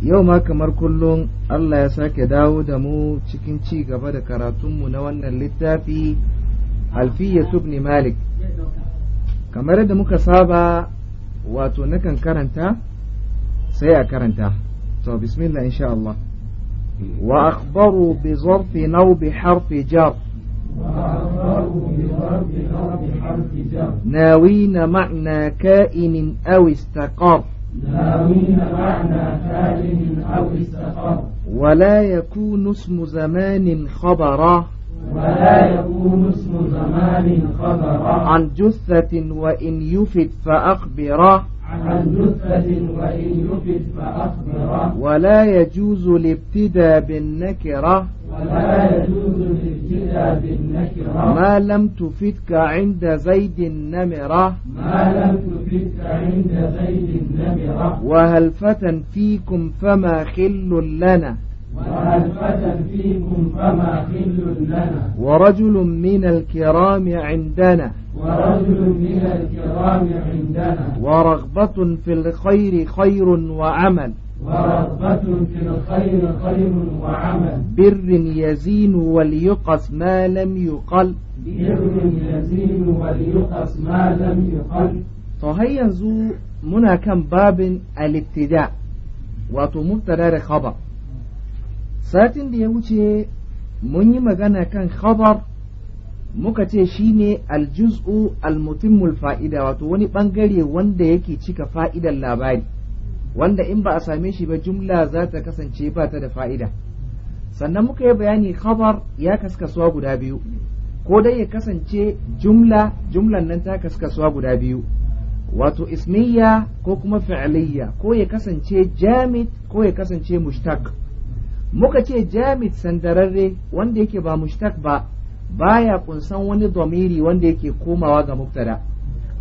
yau ma kamar kullum Allah ya sake dawo da mu cikin ci gaba da karatunmu na wannan littafi alfiya subni malik kamar yadda muka saba wato nakan karanta sai a karanta to bismillah insha Allah wa akhbaru bi zarfi naw bi harfi jar ناوين معنى كائن أو استقر ناوين معنى فاعل أو استقر ولا يكون اسم زمان خبرا ولا يكون اسم زمان خبرا عن جثة وإن يفد فأخبره عن نسبة وإن يفد فأخبره ولا يجوز الابتداء بالنكرة ولا يجوز الابتداء بالنكرة ما لم تفدك عند زيد النمرة ما لم تفدك عند زيد النمرة وهل فتى فيكم فما خل لنا ورجفة فيكم فما خل لنا ورجل من الكرام عندنا ورجل من الكرام عندنا ورغبة في الخير خير وعمل ورغبة في الخير خير وعمل بر يزين وليقص ما لم يقل بر يزين وليقص ما لم يقل فهي زو منا كم باب الابتداء وتمبتدار خبر satin da ya wuce mun yi magana kan khabar muka ce shine aljuz'u almutimmul fa'ida wato wani ɓangare wanda yake cika fa'idan labari wanda in ba a same shi ba jumla za ta kasance ba ta da fa'ida sannan muka yi bayani khabar ya kaskasuwa guda biyu ko dai ya kasance jumla jumlan nan ta kaskasuwa guda biyu wato ismiya ko kuma fi'liya ko ya kasance jamit ko ya kasance mushtaq muka ce jamid sandararre wanda yake ba mushtaq ba baya kunsan wani domiri wanda yake komawa ga mubtada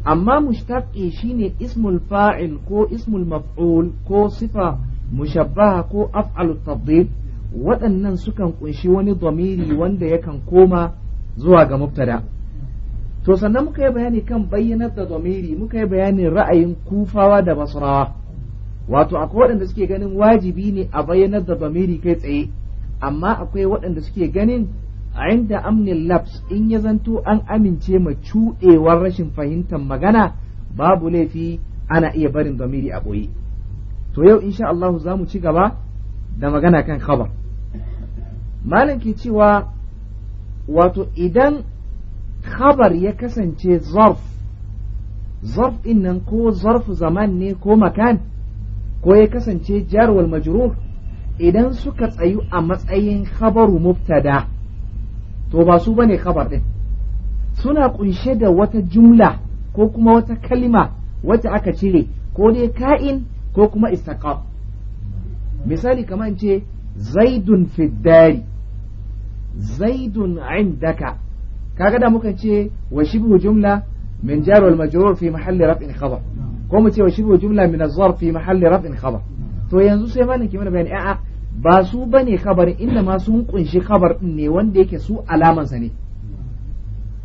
amma mushtaqi eh, shine ismul fa'il ko ismul maf'ul ko sifa mushabbaha ko af'alu tafdil waɗannan sukan kunshi wani domiri wanda yakan koma zuwa ga mubtada to sannan muka yi bayani kan bayyanar da domiri muka yi bayanin ra'ayin kufawa da basrawa wato akwai waɗanda suke ganin wajibi ne a bayyanar da bamiri kai tsaye amma akwai waɗanda suke ganin a inda amnin labs in ya zanto an amince ma cuɗewar rashin fahimtar magana babu laifi ana iya barin bamiri a ɓoye to yau insha Allah za mu ci gaba da magana kan khabar malam ke cewa wato idan khabar ya kasance zarf zarf ɗin ko zarf zaman ne ko makan ko ya kasance jarwal wal majrur idan suka tsayu a matsayin khabaru mubtada to ba su bane khabar din suna kunshe da wata jumla ko kuma wata kalima wacce aka cire ko dai ka'in ko kuma istaqab misali kamar ce zaidun fiddari zaidun indaka kaga da muka ce wa shibhu jumla min jarwal wal majrur fi mahalli raf'in khabar كومتي وشبه جملة من الظرف في محل رفع خبر تو ينزو سيماني كمانا بياني اعق باسو بني خبر إنما سون قنش خبر إني وانديك سو علامة سني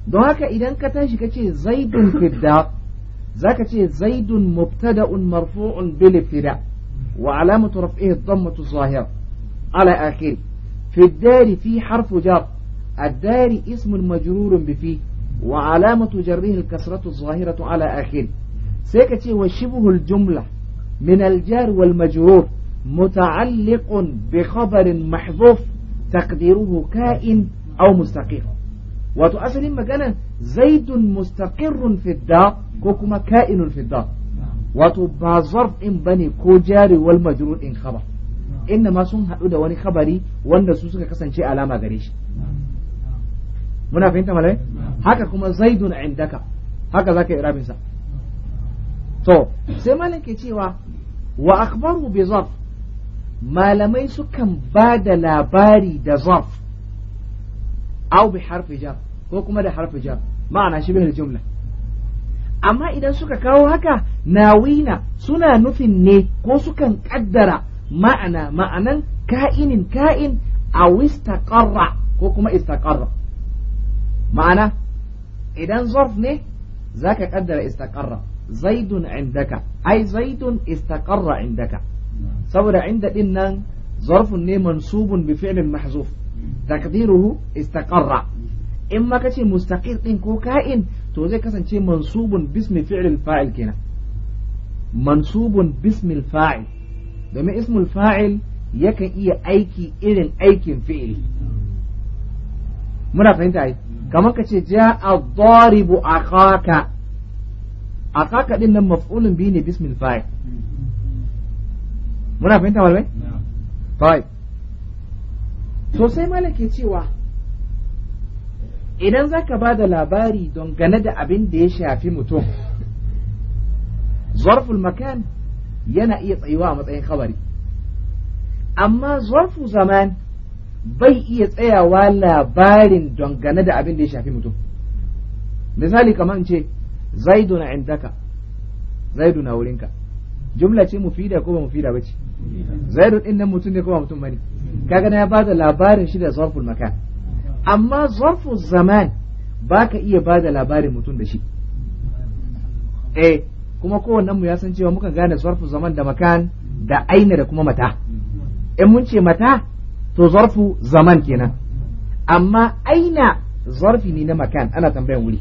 دوهاك إذن كتنش كتشي زيد في الداء ذاك زيد مبتدا مرفوع بالابتداء وعلامة رفعه الضمة الظاهرة على آخر في الدار في حرف جر الدار اسم مجرور بفي وعلامة جره الكسرة الظاهرة على آخره sai ka ce wa shibhul jumla min aljar wal majrur muta'alliqun bi khabarin mahzuf taqdiruhu ka'in aw mustaqir wato asalin magana zaidun mustaqirrun fi ko kuma ka'inun fi wato ba zarf din bane ko jari wal majrur din khabar inna ma sun haɗu da wani khabari wanda su suka kasance alama gare shi muna fahimta malai haka kuma zaidun indaka haka zaka irabin sa to sai malam ke cewa wa akhbaru bi zarf malamai sukan ba da labari da zarf au bi harfi jar ko kuma da harfi jar ma'ana shi bihar jumla amma idan suka kawo haka nawina suna nufin ne ko sukan kaddara ma'ana ma'anan ka'inin ka'in a istaqarra ko kuma istaqarra ma'ana idan zarf ne zaka kaddara istaqarra zaidun indaka ai zaidun istaqarra indaka saboda inda din nan zarfun ne mansubun bi fi'lin mahzuf taqdiruhu istaqarra in ma kace ɗin ko ka'in to zai kasance mansubun bismi fi'lil fa'il kenan mansubun bismil fa'il domin ismul fa'il yakan iya aiki irin aikin fi'ili muna fahimta ai kamar kace ja'a ad-daribu akhaka akaka din nan maf'ulun biyu ne bismil fa'il muna fahimta malamai fa'il to sai malake cewa idan zaka ba da labari don gane da abin da ya shafi mutum zarful makan yana iya tsayuwa a matsayin khabari amma zarfu zaman bai iya tsayawa labarin don gane da abin da ya shafi mutum misali kamar ce zaiduna indaka zaiduna wurinka jumla ce mufida ko ba mufida ba ce zaidu din nan mutum ne ko ba mutum bane kaga na ya bada labarin shi da zarful makan amma zarful zaman baka iya bada labarin mutum da shi eh kuma kowannen mu ya san cewa muka gane zarful zaman da makan da aina da kuma mata in mun ce mata to zarfu zaman kenan amma aina zarfi ne na makan ana tambayan wuri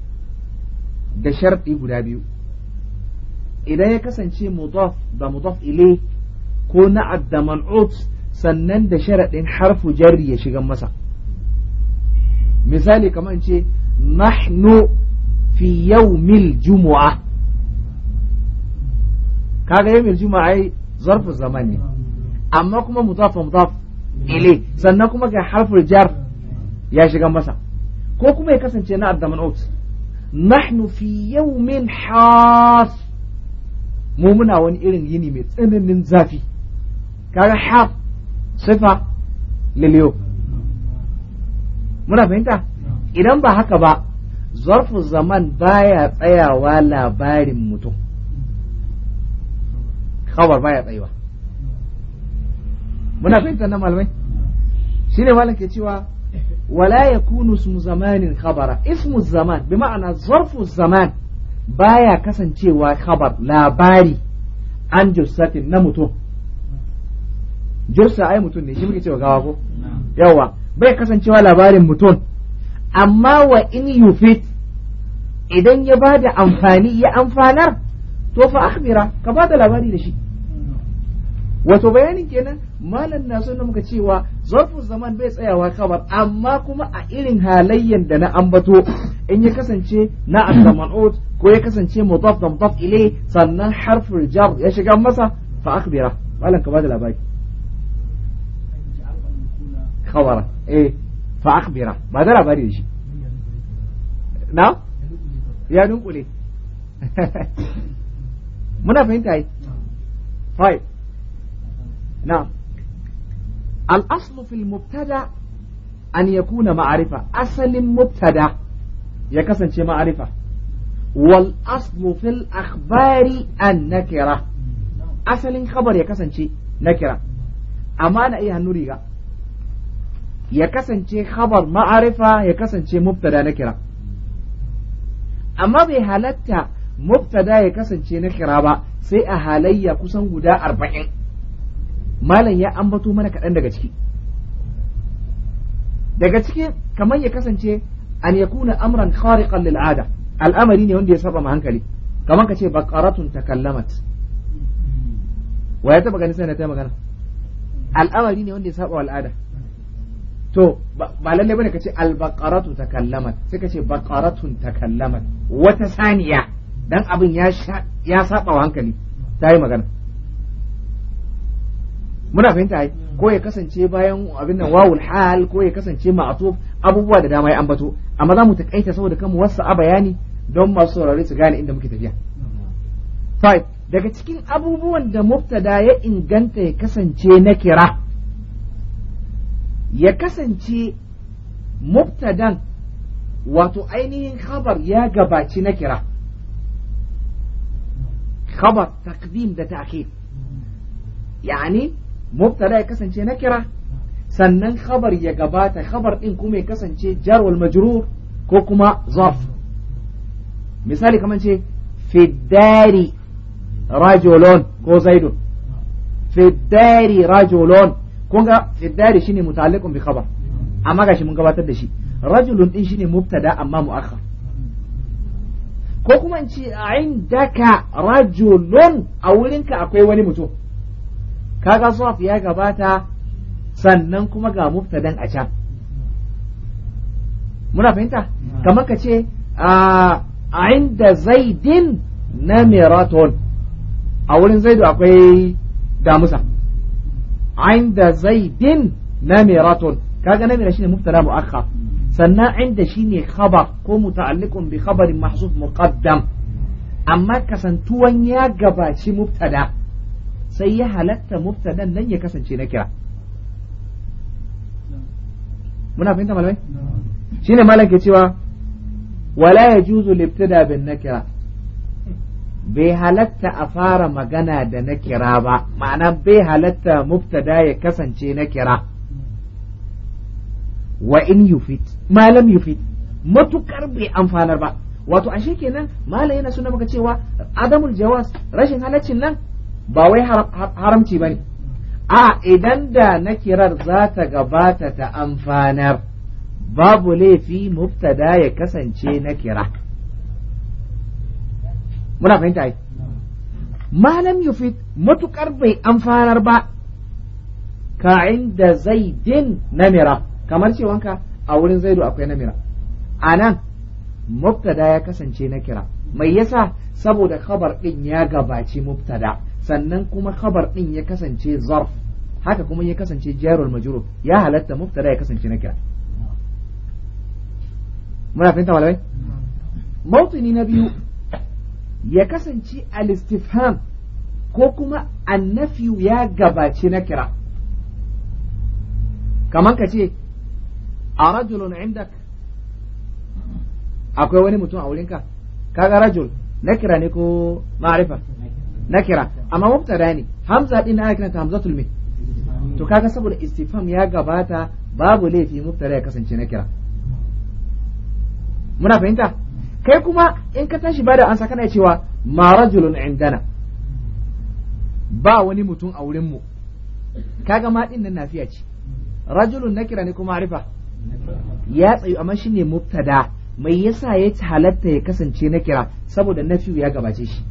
da sharɗi guda biyu idan ya kasance mudaf da mudaf ile ko na'ad da man'ut sannan da sharaɗin harfu jarri ya shiga masa misali kamar ce nahnu fi yawmil jumu'a kaga yawmil juma'a ai zarfin zaman ne amma kuma mudaf mudaf ile sannan kuma ga harful jar ya shiga masa ko kuma ya kasance na'ad da man'ut nahnu fi min has mu muna wani irin yini mai tsananin zafi kaga has sifa liliyo muna fahimta idan ba haka ba zarfu zaman baya tsayawa labarin mutum khabar baya tsayawa muna fahimta na malamai shine malam ke cewa ولا يكون اسم زمان خبرا اسم الزمان بمعنى ظرف الزمان بايا كسن شيء خبر لا باري عن جثة نمتو جثة أي متون ne shi muke cewa gawa ko yawa bai kasancewa labarin mutum amma wa in yufit idan ya bada amfani ya amfanar to fa akhbira ka bada labari da shi wato bayanin kenan malam na so muka cewa zarfin zaman bai tsayawa kabar amma kuma a irin halayyan da na ambato in ya kasance na al ot ko ya kasance mutaf da mutaf ile sannan harfin jar ya shiga masa fa akhbira malam ka bada labari khabara eh fa akhbira ba da labari shi na ya dunkule muna fahimta yi five na'am al'aslu fil mubtada an yakuna ma'arifa asalin mubtada ya kasance ma'arifa wal aslu fil akhbari an nakira asalin khabar ya kasance nakira amma na iya hannun riga ya kasance kabar ma'arifa ya kasance mubtada nakira amma bai halarta Muftada ya kasance nakira ba sai a halayya kusan guda arba'in malam ya ambato mana kaɗan daga ciki daga ciki kamar ya kasance an ya kuna amran khariqan lil ada al'amari ne wanda ya saba ma hankali kamar ka ce baqaratun takallamat wa ya taba gani sai na ta magana al'amari ne wanda ya saba al'ada to ba lalle bane ka ce al-baqaratu takallamat sai ka ce baqaratun takallamat wata saniya dan abin ya ya saba hankali ta yi magana muna fahimta ai ko ya kasance bayan abin nan wawul hal ko ya kasance ma'atuf abubuwa da dama ya ambato amma za mu takaita saboda kanmu wasu a bayani don masu saurare su gane inda muke tafiya five daga cikin abubuwan da mubtada ya inganta ya kasance na kira ya kasance mubtadan wato ainihin khabar ya gabaci na kira khabar takdim da ta'khir yani mubtada ya kasance na kira sannan khabar ya gabata khabar din kuma ya kasance jarwal wal majrur ko kuma zarf misali kamar ce fiddari rajulun ko zaidun fiddari rajulun kun ga fiddari shine muta'alliqun bi khabar amma gashi mun gabatar da shi rajulun din shine mubtada amma muakhar ko kuma in ce indaka rajulun a wurinka akwai wani mutum kaga saf ya gabata sannan kuma ga muftadan a can muna fahimta hmm. kamar ka ce a inda zaidin na miraton a wurin zaidu akwai damusa inda zaidin na miraton kaga na mira shine mu aka hmm. sannan inda shine khabar ko muta'alliqun bi khabarin mahzuf muqaddam amma kasantuwan ya gabaci muftada. sai ya halatta mubtada nan ya kasance na kira muna fahimta malamai shine malam ke cewa wala yajuzu libtada bin nakira bai halatta a fara magana da na ba ma'ana bai halatta mubtada ya kasance na kira wa in yufit malam yufit matukar bai amfanar ba wato ashe kenan malam yana suna maka cewa adamul jawas rashin halaccin nan ba wai haramci ba ne a idan da na kirar za ta gabata ta amfanar babu laifi mubtada ya kasance na kira muna fahimta yi malam yufid matukar bai amfanar ba ka inda zaidin namira kamar wanka a wurin zaidu akwai namira a nan mubtada ya kasance na kira mai yasa saboda kabar ɗin ya gabaci mubtada sannan kuma khabar din ya kasance zarf haka kuma ya kasance jarul majuro ya halatta mubtada ya kasance nakira muna fahimta malamai mawtini na biyu ya kasance al-istifham ko kuma annafi ya gabaci nakira kamar ka ce a rajulun indak akwai wani mutum a wurinka kaga rajul nakira ne ko ma'arifa nakira amma mubtada ne hamza din da kiranta hamzatul me to kaga saboda istifham ya gabata babu laifi mubtada ya kasance nakira muna fahimta kai kuma in ka tashi bada ansa kana cewa ma rajulun indana ba wani mutum a wurin mu kaga ma din nan nafiya ce rajulun nakira ne kuma arifa ya tsayu amma shine mubtada mai yasa ya halatta ya kasance nakira saboda nafiyu ya gabace shi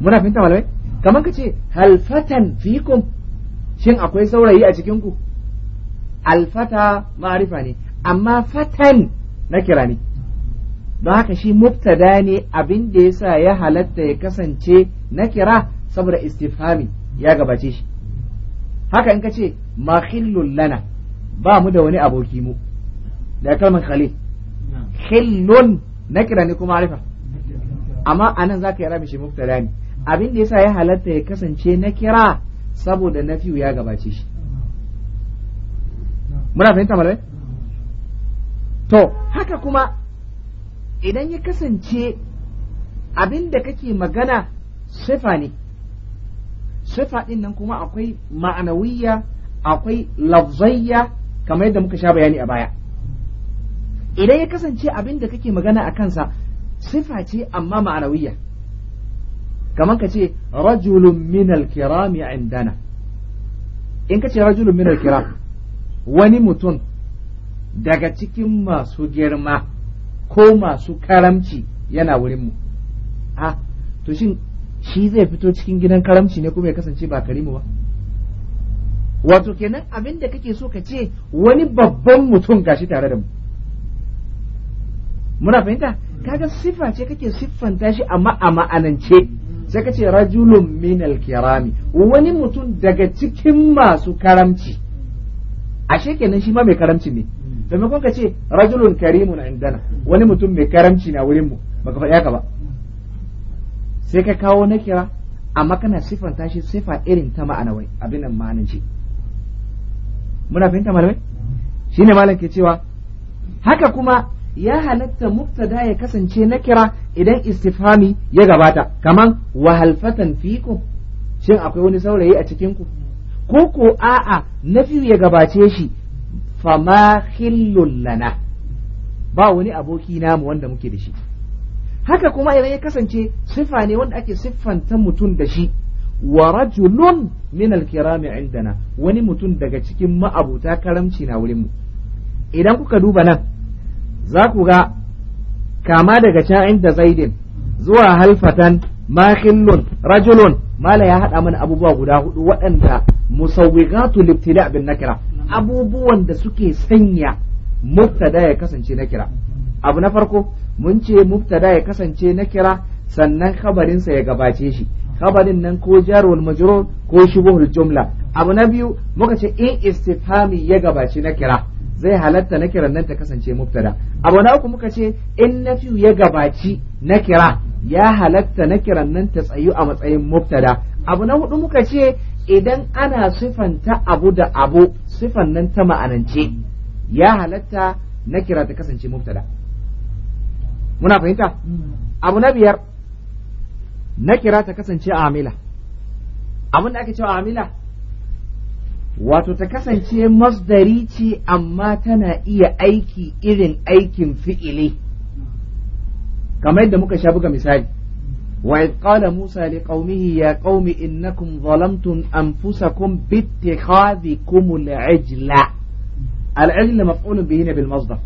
muna fahimta malamai kamar ka ce halfatan fikum shin akwai saurayi a cikin ku alfata ma'arifa ne amma fatan na kira ne don haka shi mubtada ne abin da yasa ya halatta ya kasance na kira saboda istifhami ya gabace shi haka in ka ce makhillul lana ba mu da wani aboki mu da kalmar khalil khillun na kira ne kuma arifa amma anan zaka yi rabi shi mubtada ne abin da yasa ya halatta ya kasance na kira saboda na fiyu ya gabace shi muna fahimta malamai to haka kuma idan ya kasance abin da kake magana sifa ne sifa ɗin nan kuma akwai ma'anawiyya akwai lafzayya kamar yadda muka sha bayani a baya idan ya kasance abin da kake magana a kansa sifa ce amma ma'anawiyya kamar ka ce rajulun minal kirami indana in ka ce rajulun minal kiram wani mutum daga cikin masu girma ko masu karamci yana wurinmu a to shin shi zai fito cikin gidan karamci ne kuma ya kasance ba karimu ba wato kenan abin da kake so ka ce wani babban mutum gashi tare da mu muna fahimta kaga siffa ce kake siffanta shi amma a ma'anance sai ka ce rajulun minal kirami wani mutum daga cikin masu karamci ashe kenan shi ma mai karamci ne taimakon ka ce rajulun karimun indana wani mutum mai karamci na wurin mu baka faɗi haka ba sai ka kawo na kira amma kana siffanta shi siffa irin ta ma'anawai abin nan ma'ananci muna fahimta malamai shine malam ke cewa haka kuma ya halatta mubtada ya kasance na kira idan istifhami ya gabata kaman halfatan fiku shin akwai wani saurayi a cikin ku ko ko a'a nafi ya gabace shi fama lana ba wani aboki namu wanda muke da shi haka kuma idan ya kasance sifa ne wanda ake siffanta mutum da shi wa rajulun min alkirami indana wani mutum daga cikin ma'abuta karamci na wurin mu idan kuka duba nan za ku ga kama daga can da zaidin zuwa halfatan makhillun rajulun mala ya haɗa mana abubuwa guda hudu waɗanda musawwiqatu abin bin nakira abubuwan da suke sanya mubtada ya kasance nakira abu na farko mun ce mubtada ya kasance nakira sannan sa ya gabace shi khabarin nan ko jarul majrur ko shubuhul jumla abu na biyu muka ce in istifhami ya gabaci nakira zai halatta na kiran nan ta kasance mubtada abu na uku muka ce in nafiyu ya gabaci na kira ya halatta na kiran nan ta tsayu a matsayin mubtada abu na hudu muka ce idan ana sifanta abu da abu sifan nan ta ma'anance ya halatta na kira ta kasance mubtada muna fahimta abu na biyar na kira ta kasance amila abin da ake cewa amila wato ta kasance masdari ce amma tana iya aiki irin aikin fi'ili kamar yadda muka sha buga misali wa qala musa li qaumihi ya qaumi innakum zalamtum anfusakum bi ittikhadhikum al-ajla al-ajla maf'ulun bihi bil masdar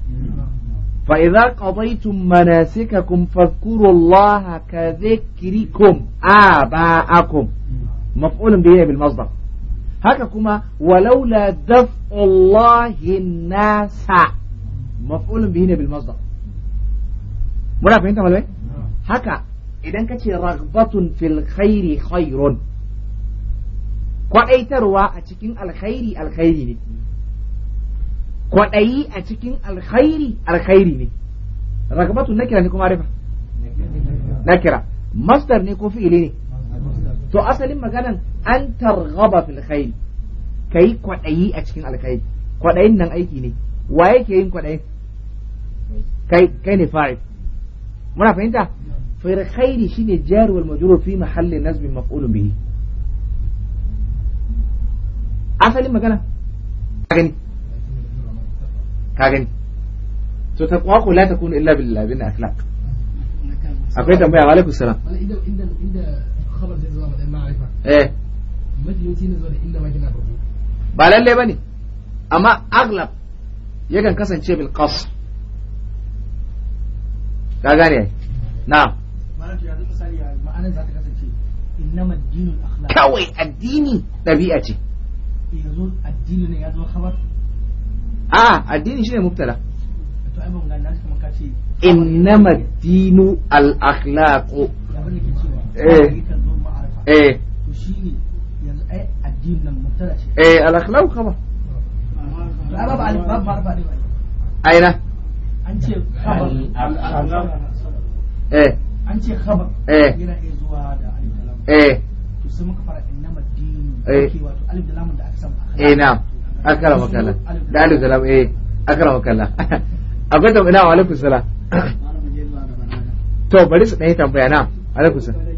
فإذا قضيتم مناسككم فاذكروا الله كذكركم آباءكم مفعول به بالمصدر haka kuma walaula daf'ullahi nasa maf'ulun bihi ne bil masdar muna fahimta malamai haka idan ka ce ragbatun fil khairi khairun kwadaitarwa a cikin alkhairi alkhairi ne kwadayi a cikin alkhairi alkhairi ne ragbatun nakira ne kuma arifa nakira masdar ne ko fi'ili ne to asalin maganan an targhaba fil khair kai kwadayi a cikin alkhairi kwadayin nan aiki ne wa yake yin kwadayin kai kai ne fa'il muna fahimta fil khairi shine jar wal majrur fi mahalli nasb maf'ul bihi asalin magana ka gani ka gani to la takunu illa billahi bin akhlaq akwai tambaya wa alaikum salam eh majiyoci ne ba lalle bane amma aglab yakan kasance bil qasr ka gane na. kawai addini ɗabi'a ce eh, addini ne ya zo khabar a addini shine mubtala innama dinu al-akhlaq eh eh to shine yanzu ai addinin nan ce eh al-akhlaq aina an ce khabar eh an ce khabar eh yana iya zuwa da alif da eh to sai muka fara innama dini eh. ke wato alif da da aka eh da eh akwai tambaya alaikum salam to bari su ɗaya tambaya na alaikum salam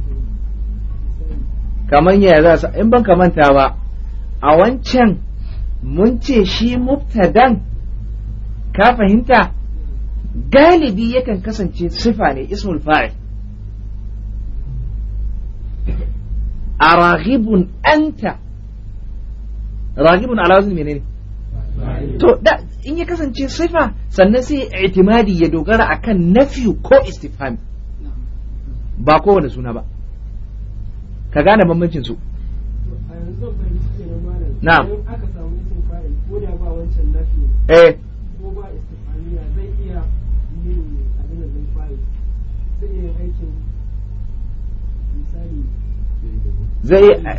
kamar ya za su in ban manta ba a wancan mun ce shi mubtadan ka fahimta galibi yakan kasance sifa ne ismul fa'il a anta raghibun ala wazin menene to da in ya kasance sifa sannan sai itimadi ya dogara akan nafi ko istifhami ba kowane suna ba ka gane bambancin su na'am eh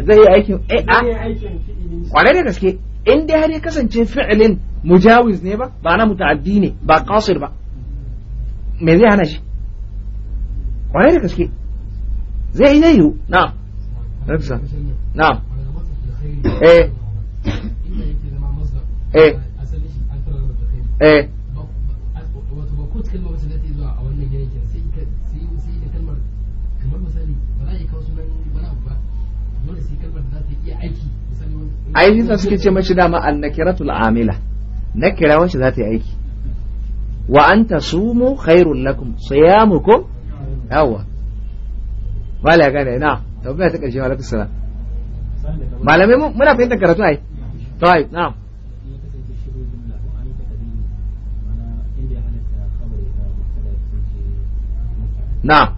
zai yi aikin eh, ah. a kwarai da gaske in dai har ya kasance fi'ilin mujawiz ne ba ba na muta'addi ne ba kasir ba me zai hana shi kwarai da gaske zai yi zai yi na'am نفسه نعم ايه ايه ايه aiki sa suke ce mace dama an nakiratul amila nakira wacce za ta yi aiki wa an ta sumu khairun lakum siyamukum yawa ba la gane na tambaya ta karshe alaikum salam malamai muna fahimtar karatu ai طيب نعم نعم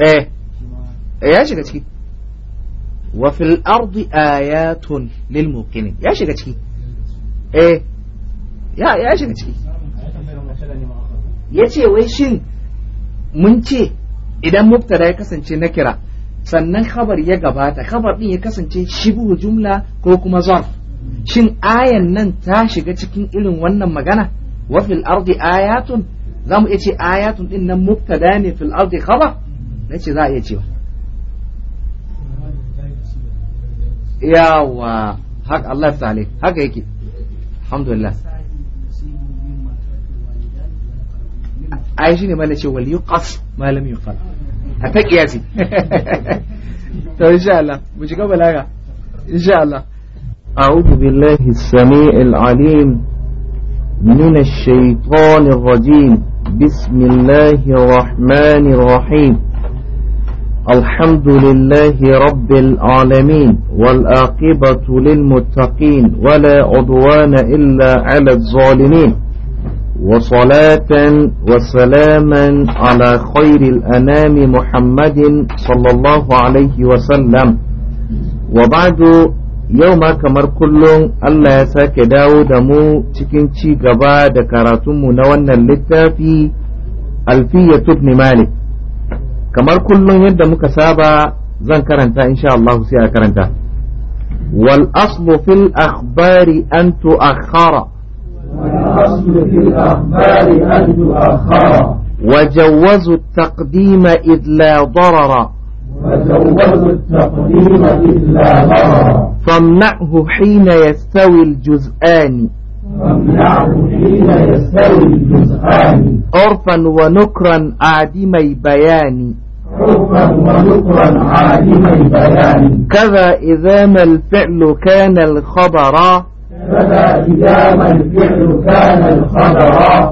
ايه يا شيخ تشكي وفي الارض ايات للموقنين يا شيخ تشكي ايه يا يا شيخ تشكي ya ce wai shin mun ce idan mubtada ya kasance na kira sannan khabar ya gabata khabar din ya kasance shibu jumla ko kuma zarf shin ayan nan ta shiga cikin irin wannan magana wa fil ardi ayatun za mu iya ce ayatun din nan mubtada ne fil ardi khabar ce za a iya cewa yawa haka Allah ya haka yake alhamdulillah ai shine ma nace wal yuqas ma lam yufal a ta kiyasi to insha Allah mu shiga balaga insha Allah a'udhu billahi as-sami'il alim min ash-shaytanir rajim bismillahir rahmanir rahim الحمد لله رب العالمين والآقبة للمتقين ولا عدوان إلا على الظالمين وصلاة وسلاما على خير الأنام محمد صلى الله عليه وسلم وبعد يوم كمر كل الله يساك داود مو تكين شي قبا دكاراتم نوانا للتافي ألفية ابن مالك كمر كل يد مكسابة زن كرنتا إن شاء الله سيأ كرنتا والأصل في الأخبار أن تؤخر والأصل في الأخبار أن تؤخر وجوزوا التقديم إذ لا ضرر وجوزوا التقديم إذ لا ضرر فامنعه حين يستوي الجزآن فامنعه حين يستوي الجزآن عرفا ونكرا عادمي بيان عرفا ونكرا عادمي بيان كذا إذا ما الفعل كان الخبرا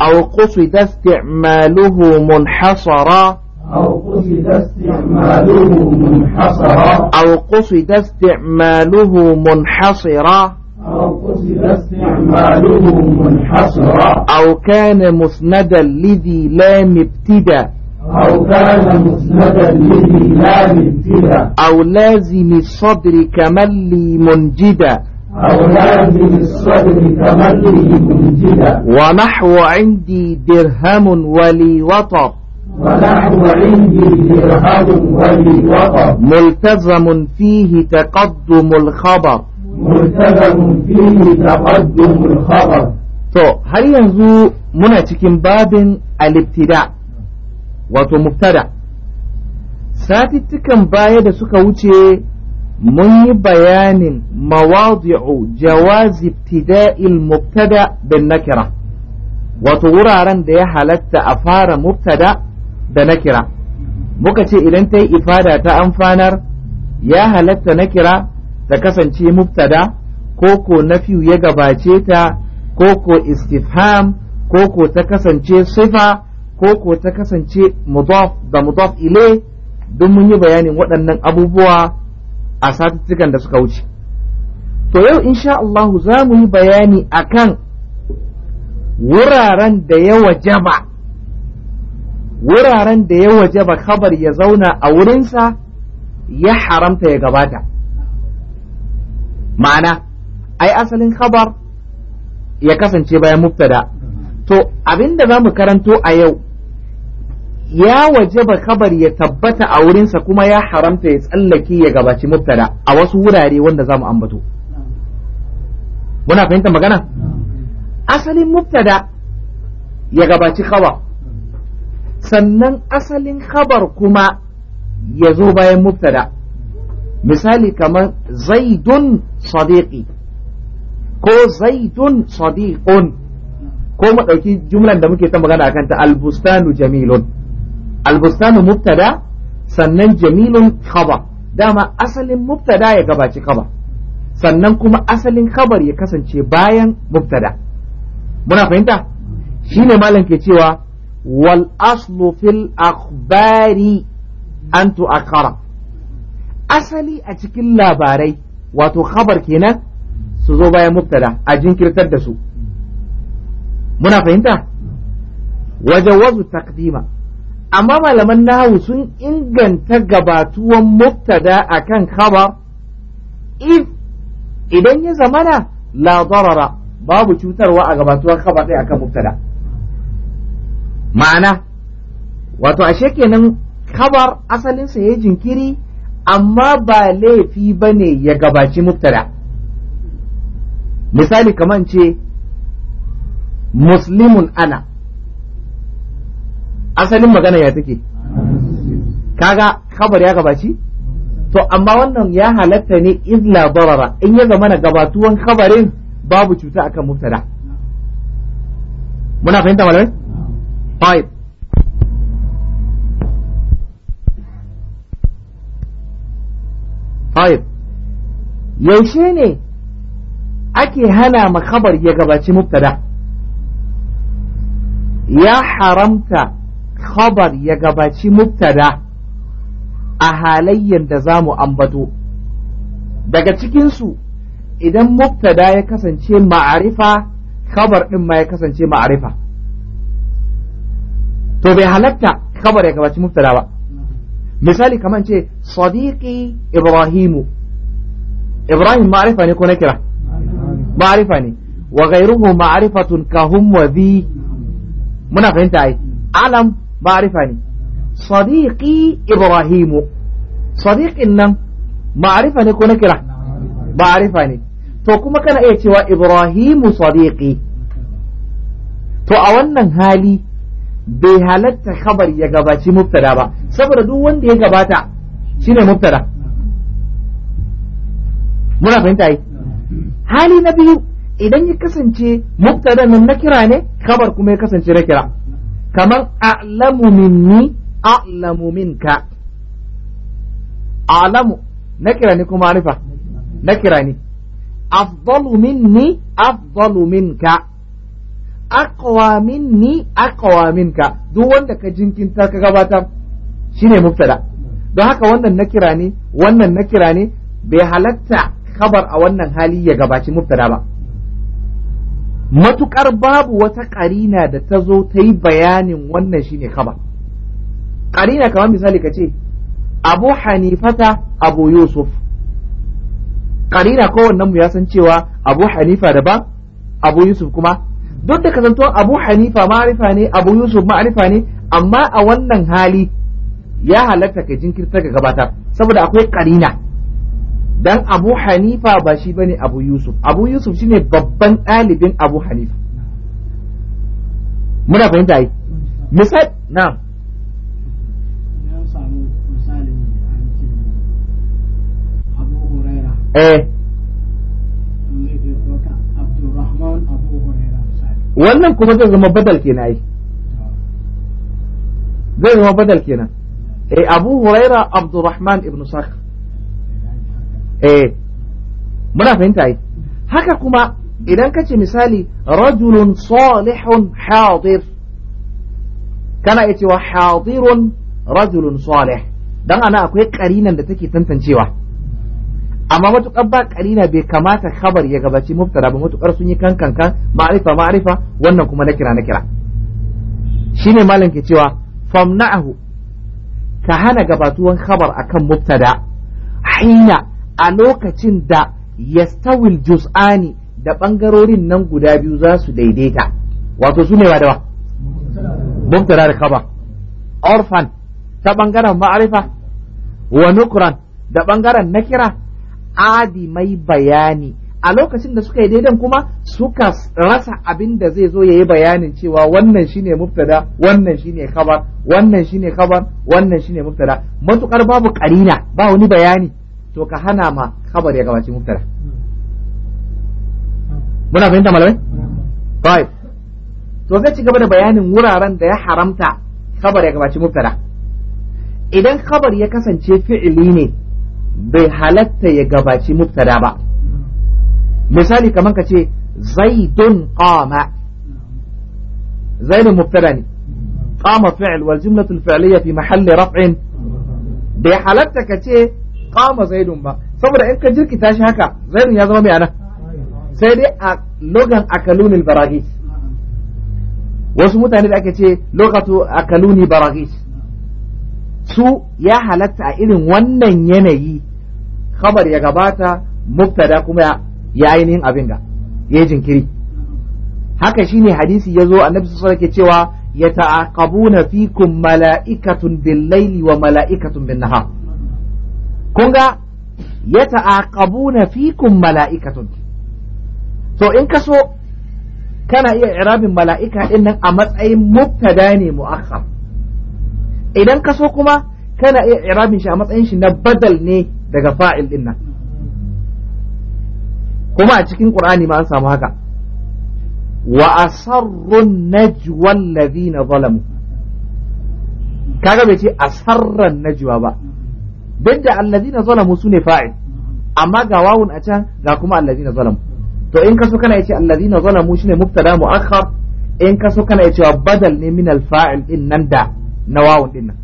أو قصد استعماله منحصرا أو قصد استعماله منحصرا أو قصد استعماله منحصرا أو قصد استعماله منحصرا أو كان مسندا لذي لام ابتدى أو كان مسندا لذي لام ابتدى أو لازم الصدر كمن لي منجدا ونحو عندي درهم ولي وطر ونحو عندي درهم ولي وطر ملتزم فيه تقدم الخبر ملتزم فيه تقدم الخبر تو هل ينزو منتكم باب الابتداء وتو مبتدا ساتي تكم باية سكوتي mun yi bayanin mawadi'u jawaz ibtida'il mubtada bin nakira wato wuraren da ya halatta a fara mubtada da nakira muka ce idan ta yi ifada ta amfanar ya halatta nakira ta kasance mubtada ko ko nafiu ya gabace ta ko ko istifham ko ko ta kasance sifa ko ko ta kasance mudaf da mudaf ile don mun yi bayanin waɗannan abubuwa a satuttukan da suka wuce to yau insha Allah za mu yi bayani akan wuraren da ya wajaba wuraren da ya wajaba kabar ya zauna a wurinsa ya haramta ya gabata ma'ana ai asalin kabar ya kasance bayan mubtada to abinda za mu karanto a yau ya wajaba kabar ya tabbata a wurinsa kuma ya haramta ya tsallake ya gabaci mubtada a wasu wurare wanda za mu ambato muna fahimtar magana asalin mubtada ya gabaci khabar sannan asalin khabar kuma ya zo bayan mubtada misali kamar zaidun sadiqi ko zaidun sadiqun ko mu ɗauki jumlan da muke ta magana kanta ta albustanu jamilun albustanu mubtada sannan jamilun khabar dama asalin mubtada ya gabaci khabar sannan kuma asalin khabar ya kasance bayan mubtada muna fahimta shine malam ke cewa wal aslu fil akhbari an asali a cikin labarai wato khabar kenan su zo bayan mubtada a jinkirtar da su muna fahimta wazu takdima. amma malaman nahu sun inganta gabatuwan mubtada akan khabar if idan ya zamana la darara babu cutarwa a gabatuwan khabar ɗaya akan mubtada ma'ana wato ashe kenan khabar asalinsa ya jinkiri amma ba laifi ba ne ya gabaci mubtada misali kaman ce muslimun ana asalin magana ya take kaga kabar ya gabaci to amma wannan ya halatta ne izla barara in ya zama na gabatuwan kabarin babu cuta akan mubtada muna fahimta malamai five five yaushe ne ake hana makabar ya gabaci mubtada ya haramta khabar ya gabaci mubtada a halayyar da za mu ambato daga cikinsu idan mubtada ya kasance ma'arifa khabar ɗin ma ya kasance ma'arifa to bai halatta khabar ya gabaci mubtada ba misali kamar ce sadiqi ibrahimu ibrahim ma'arifa ne ko na kira ma'arifa ne wa ghayruhu ma'arifatun kahum wa bi muna fahimta ai alam ma'arifa ne ibrahimu sadiqin nan ma'arifa ne ko na kira ma'arifa ne to kuma kana iya cewa ibrahimu sadiqi to a wannan hali bai halatta khabar ya gabaci muftada ba saboda duk wanda ya gabata shine muftada? muna fahimta yi hali na biyu idan ya kasance muftada nan na kira ne khabar kuma ya kasance na kira kamar a'lamu minni a'lamu minka a'lamu kira ni kuma arifa kira ni afdalu minni afdalu minka aqwa minni aqwa minka duk wanda ka jinkinta ka gabatar shine mubtada don haka wannan na kira ne wannan na kira ne bai halatta khabar a wannan hali ya gabaci mubtada ba matuƙar babu wata ƙarina da ta zo ta yi bayanin wannan shi ne kaba Ƙarina kamar misali ka ce abu hanifata abu yusuf Ƙarina kowannen mu ya san cewa abu hanifa da ba abu yusuf kuma duk da kasantuwar abu hanifa ma'arifa ne abu yusuf ma'arifa ne amma a wannan hali ya halatta ka jinkirta ka gabata saboda akwai ƙarina. dan abu hanifa ba shi bane abu yusuf abu yusuf shine babban ɗalibin abu hanifa muna fahimta yi misal na eh wannan kuma zai zama badal kenan yi zai zama badal kenan eh abu huraira abdurrahman ibn sakhr eh muna fahimta yi haka kuma idan ka ce misali rajulun salihun hadir kana iya cewa hadirun rajulun salih dan ana akwai karinan da take tantancewa amma matukar ba karina bai kamata khabar ya gabaci mubtada ba matukar sun yi kankan kan ma'rifa ma'rifa wannan kuma na kira na kira shine malam ke cewa famna'ahu ka hana gabatuwan khabar akan mubtada hina a lokacin da yastawil jus'ani da ɓangarorin nan guda biyu za su daidaita wato su ne wadawa mubtada da kaba orfan ta ɓangaren ma'arifa wa nukran da ɓangaren nakira adi mai bayani a lokacin da suka yi daidan kuma suka rasa abin da zai zo ya yi bayanin cewa wannan shine mubtada wannan shine kabar wannan shine kabar wannan shine mubtada matukar babu karina ba wani bayani to ka hana ma khabar ya gabaci muftara muna fahimta malamai bai to zai ci gaba da bayanin wuraren da ya haramta khabar ya gabaci muftara idan khabar ya kasance fi'ili ne bai halatta ya gabaci muftara ba misali kamar ka ce zaidun qama zaidun muftara ne qama fi'l wal jumlatu al fi'liyya fi mahalli raf'in bai halatta ka ce qama zaidun ba saboda in ka jirkita shi haka zaidun ya zama mai anan sai dai a logan akalunil baragis wasu mutane da ake ce lokatu akaluni baragis su ya halatta a irin wannan yanayi khabar ya gabata muftada kuma ya ainihin abin ga ya jinkiri haka shine hadisi ya zo annabi su ke cewa ya ta'aqabuna fikum mala'ikatun bil laili wa mala'ikatun bin nahar kun ga ya ta'aqabuna fikum mala'ikatun to in ka so kana iya irabin mala'ika din nan a matsayin mubtada ne mu'akhkhar idan ka so kuma kana iya irabin shi a matsayin shi na badal ne daga fa'il din nan kuma a cikin qur'ani ma an samu haka wa asarrun najwa alladhina zalamu kaga bai ce asarran najwa ba duk da allazina zalamu sune fa'il amma ga wawun a can ga kuma allazina zalamu to in kaso kana yace allazina zalamu shine mubtada muakhar in kaso kana yace badal ne min alfa'il din nan da na wawun din nan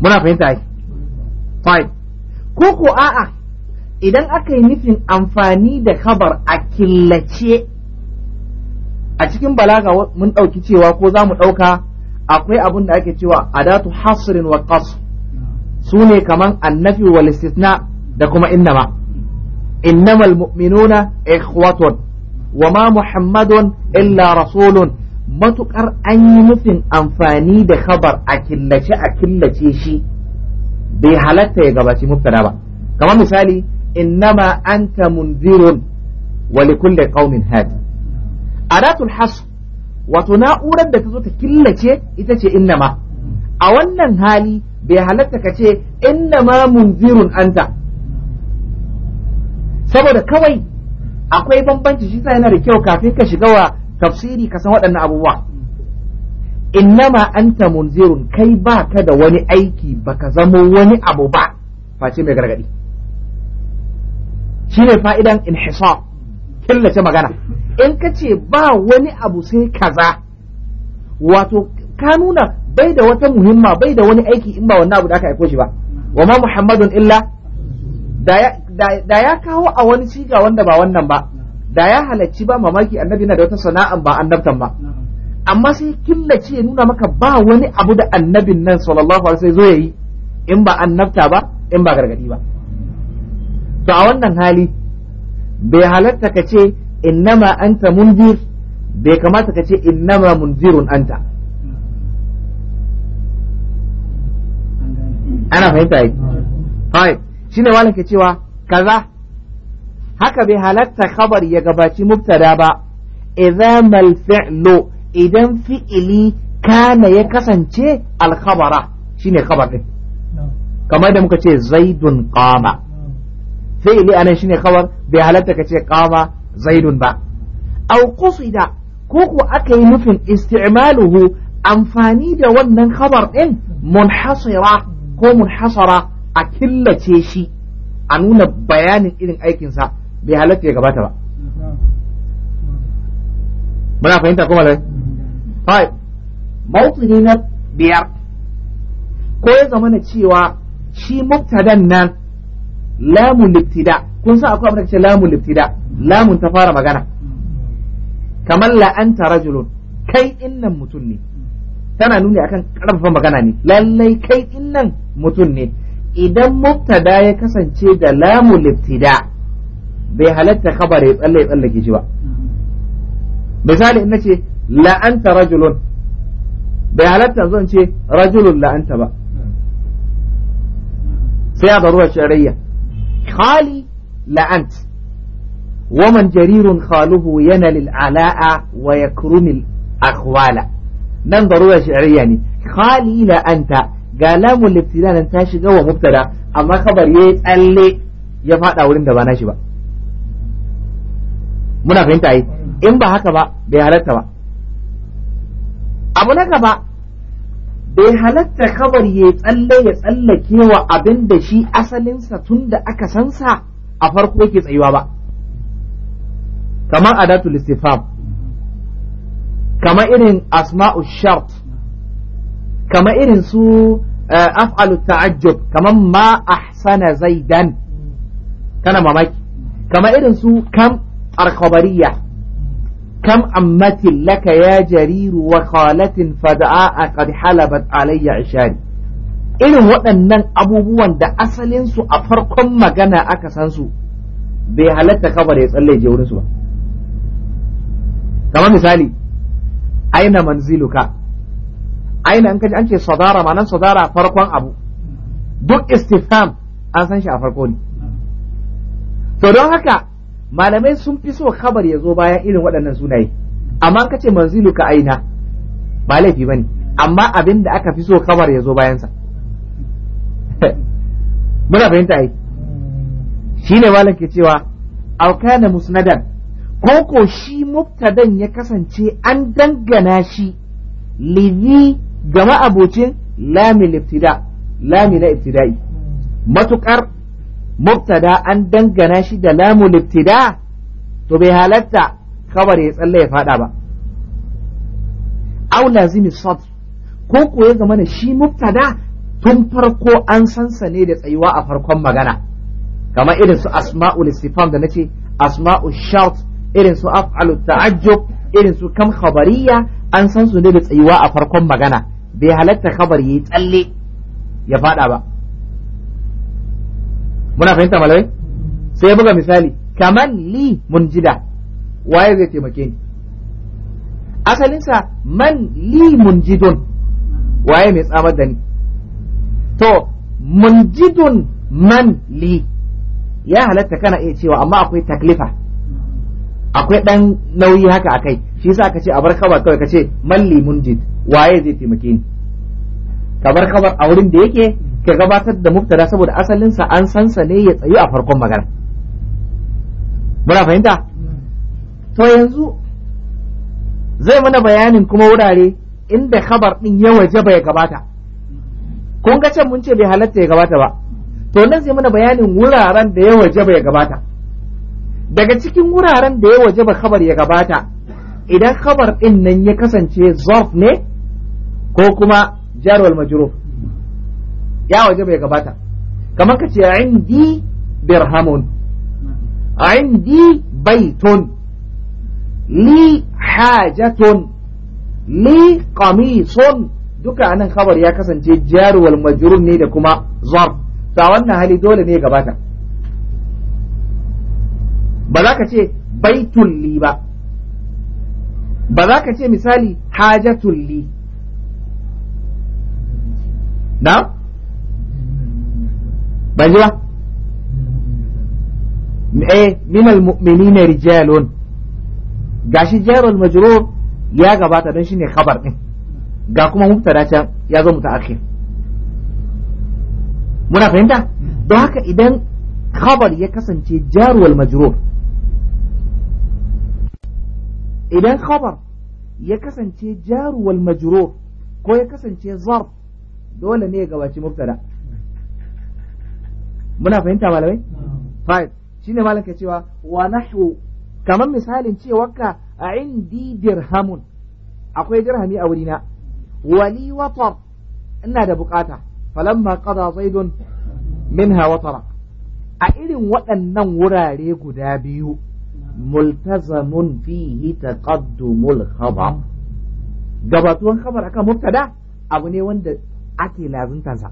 muna fahimta ai fine ko ko a'a idan aka yi nufin amfani da khabar a killace a cikin balaga mun ɗauki cewa ko za mu ɗauka akwai abun da ake cewa adatu hasrin wa qasr su ne kaman annafi wal da kuma innama innamal mu'minuna ikhwatun wa ma muhammadun illa rasulun matukar an yi nufin amfani da khabar a killace a killace shi bai halatta ya gabaci mubtada ba kamar misali innama anta munzirun wa likulli qaumin hadi adatul hasr wato na'urar da ta zo ta killace ita ce innama a wannan hali bai halatta ka ce innama munzirun anta saboda kawai akwai bambanci shi sa yana da kyau kafin ka shiga wa tafsiri ka san waɗannan abubuwa innama anta munzirun kai ba ka da wani aiki ba ka zamo wani abu ba face mai gargadi ne fa'idan inhisab killace magana in ka ce ba wani abu sai kaza wato ka nuna bai da wata muhimma bai da wani aiki in ba wannan abu da aka aiko shi ba wa ma muhammadun illa da ya kawo a wani ciga wanda ba wannan ba da ya halarci ba mamaki annabi na da wata sana'an ba annabtan ba amma sai killace ya nuna maka ba wani abu da annabin nan sallallahu alaihi wasallam zo yayi in ba annabta ba in ba gargadi ba to a wannan hali bai halatta ka ce innama anta munzir bai kamata ka ce innama munzirun anta ana fahimta yi hai shine malam ke cewa kaza haka bai halatta khabar ya gabaci mubtada ba idza mal fi'lu idan fi'ili kana ya kasance alkhabara shi ne khabar din kamar da muka ce zaidun qama fi'ili anan shine kawar bai halatta ka ce qama zaidun ba aw qusida ko ko aka yi nufin isti'maluhu amfani da wannan khabar din munhasira ko munhasara a killace shi a nuna bayanin irin aikinsa bai halatta ya gabata ba muna fahimta kuma lai five mawtsini na biyar ko ya zama na cewa shi mubtadan nan lamun libtida kun san akwai abin da ce lamun libtida lamun ta fara magana kamar la'anta rajulun kai innan mutum ne tana nuni akan karfafa magana ne lallai kai innan mutum ne idan mubtada ya kasance da lamun libtida bai halatta kabar ya tsalle ya tsallake shi ba misali in nace la'anta rajulun bai halatta zan ce rajulun la'anta ba sai a garuwa shari'a خالي لأنت ومن جرير خاله ينل waya ويكرم akwala. nan darurar shari'a ne khalila la'anta ga lamun liftilalan ta shiga wa mubtada amma kabar yayi tsalle ya faɗa wurin da ba nashi ba muna fahimta in ba haka ba bai halarta ba abu na gaba bai halatta kabar ya tsalle ya tsallake wa abin da shi asalinsa tun da aka sansa a farko yake tsayuwa ba kamar adatul istifam kamar irin asma'u shart kamar irin su eh, af'alu ta'ajjub kamar ma ahsana zaidan kana mamaki kamar irin su kam alkhabariya كم أمة لك يا جرير وخالة فدعاء قد حلبت علي عشاني irin waɗannan abubuwan da asalinsu a farkon magana aka san su bai halatta kabar ya tsalle je wurinsu ba kamar misali aina manziluka aina an kaji an ce sadara ma'anar sadara farkon abu duk istifam an san shi a farko ne to don haka malamai sun fi so kabar ya zo bayan irin waɗannan sunaye amma ka ce manzilu ka aina ba laifi ba ne, amma abin da aka fi so kabar ya zo bayansa muna fahimta ai ne malam ke cewa Alkana musnadan ko shi mubtadan ya kasance an dangana shi lizi ga ma'abocin lami ibtida lami na ibtida'i matukar mubtada an dangana shi da lamul ibtida to bai halatta khabar ya tsalle ya fada ba aw lazimi sadr ko ko ya zama shi mubtada tun farko an sansa ne da tsayuwa a farkon magana kamar irin su asma'ul istifham da nace Asma'u shout irin su af'alu ta'ajjub irin su kam khabariya an san su ne da tsayuwa a farkon magana bai halatta khabar yi tsalle ya fada ba muna fahimta malamai sai buga misali kaman li munjida waye zai taimake ni asalinsa man li munjidun waye mai tsamar da ni to munjidun man li ya halatta kana iya cewa amma akwai taklifa akwai ɗan nauyi haka akai shi yasa ka ce a bar kabar kawai ka ce man li munjid waye zai taimake ni ka bar kabar a wurin da yake ka gabatar da mubtada saboda asalinsa an sansa ne ya tsayu a farkon magana muna fahimta to yanzu zai mana bayanin kuma wurare inda khabar din ya waje bai gabata kun ga can mun ce bai halatta ya gabata ba to nan zai mana bayanin wuraren da ya waje bai gabata daga cikin wuraren da ya waje ba khabar ya gabata idan khabar din nan ya kasance zarf ne ko kuma jarwal majruf ya waje bai gabata kamar ka ce indi dirhamun indi baitun li hajatun li qamisun duka anan khabar ya kasance jaruwal majrur ne da kuma zarf ta wannan hali dole ne gabata ba za ka ce baitun li ba ba za ka ce misali hajatun li na ba ji ba eh minal mu'minina rijalun gashi jarul majrur ya gabata dan shine khabar din ga kuma mubtada can ya zo mutaakhir muna fahimta don haka idan khabar ya kasance jarul majrur idan khabar ya kasance jarul majrur ko ya kasance zarf dole ne ya gabaci mubtada muna fahimta malamai fa'id shine malam ke cewa wa nahwu kamar misalin cewarka a indi dirhamun akwai dirhami a wurina wali watar ina da bukata falamma qada zaidun minha watara a irin waɗannan wurare guda biyu multazamun fihi taqaddumul khabar gabatuwan khabar akan mubtada abu ne wanda ake lazuntansa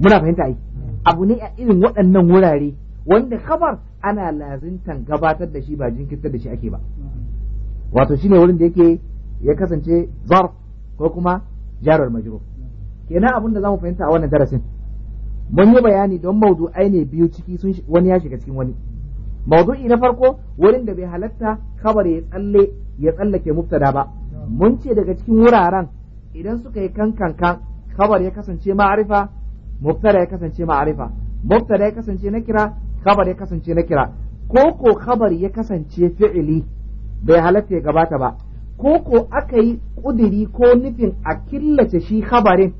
muna fahimta ai abu ne a irin waɗannan wurare wanda kabar ana lazimtan gabatar da shi ba jinkirtar da shi ake ba wato shine wurin da yake ya kasance zarf ko kuma jarar majrur kenan abin da zamu fahimta a wannan darasin mun yi bayani don mawdu'ai ne biyu ciki sun wani ya shiga cikin wani mawdu'i na farko wurin da bai halatta kabar ya tsalle ya tsallake mubtada ba mun ce daga cikin wuraren idan suka yi kankan kan kabar ya kasance ma'arifa mubtada ya kasance ma'arifa mubtada ya kasance na kira khabar ya kasance na kira ko ko khabar ya kasance fi'ili bai halatta ya gabata ba ko ko aka yi kudiri ko nufin a killace shi khabarin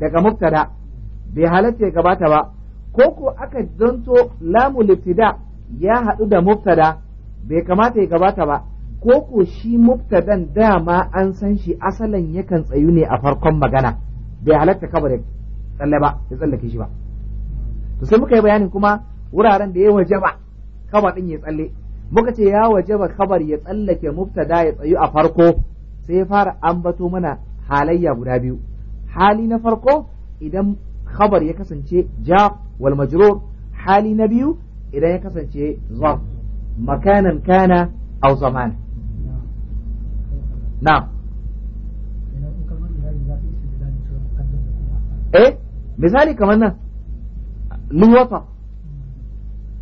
daga mubtada bai halatta ya gabata ba ko ko aka zanto lamu libtida ya haɗu da mubtada bai kamata ya gabata ba ko ko shi mubtadan dama an san shi asalan yakan tsayu ne a farkon magana bai halatta kabarin tsalle ba ya tsallake shi ba to sai muka yi bayanin kuma wuraren da ya wajaba kabar din ya tsalle muka ce ya wajaba kabar ya tsallake mubtada ya tsayu a farko sai ya fara ambato mana halayya guda biyu hali na farko idan kabar ya kasance ja wal majrur hali na biyu idan ya kasance zarf makanan kana aw zaman na'am eh misali kamar nan liwata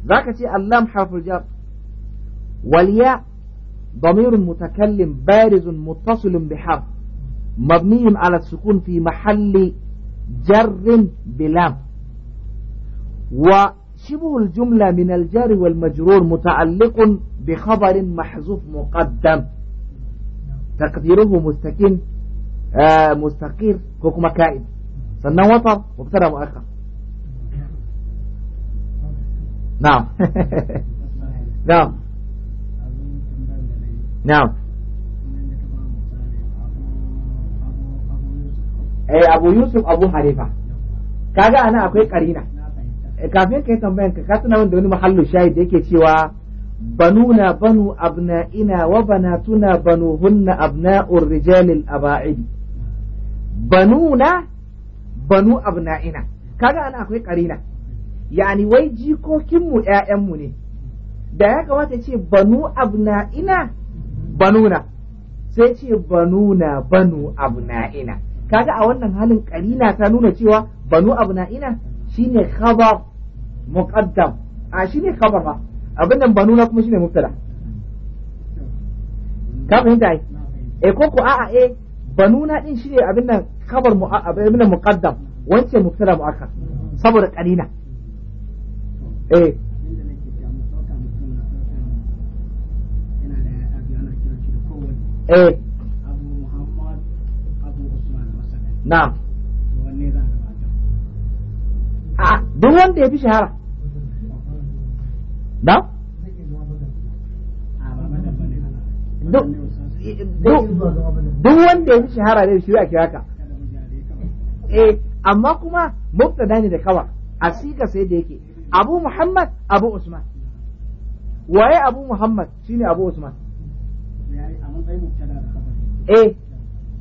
za ka ce allam harfin jar ضمير متكلم بارز متصل بحرف مبني على السكون في محل جر بلام وشبه الجملة من الجار والمجرور متعلق بخبر محذوف مقدم تقديره مستكين آه مستقير كوكما كائن sannan watar mubtada mu'akkar na'am na'am na'am eh abu yusuf abu harifa kaga ana akwai karina eh, kafin kai tambayan ka ka tuna wanda wani mahallu shahid yake cewa banuna banu abna'ina wa banatuna banuhunna abna'ur rijalil aba'id banuna banu abna'ina kaga ana akwai karina yani wai jikokinmu ‘ya'yanmu ne da ya kamata ce banu abna'ina banuna sai ce banuna banu abna'ina kaga a wannan halin karina ta nuna cewa banu abna'ina shine khabar muqaddam a shine khabar ba abin nan banuna kuma shine mubtada ka fahimta ai e ko ko a'a eh banuna din shine abin nan kabar ibn muqaddam wance mubtada muakkar saboda qarina eh. eh na'am duk wanda ya fi shahara da duk wanda ya fi shahara ne shi ake haka eh amma kuma mubtada ne da kawa a siga sai da yake abu muhammad abu usman waye abu muhammad shine abu usman eh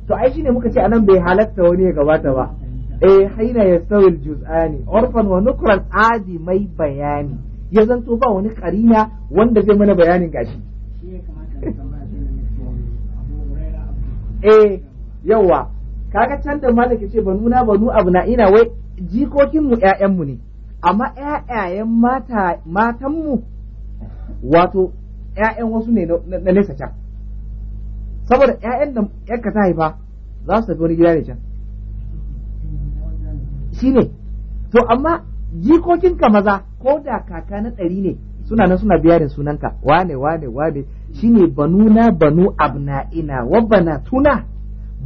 to ai shine muka ce anan bai halatta wani ya gabata ba eh haina yastawi aljuz'ani urfan wa nukran adi mai bayani ya zanto ba wani karina wanda zai mana bayanin gashi eh yawa kaga can da malam ke ce abu na ina wai jikokin mu ƴaƴan mu ne amma ƴaƴayen mata matan mu wato ƴaƴan wasu ne na nesa can saboda ƴaƴan da ka ta haifa za su tafi wani gida ne can shine to amma jikokin ka maza ko da kaka na ɗari ne suna nan suna da sunanka wane wane wane shine banuna banu ina wa bana tuna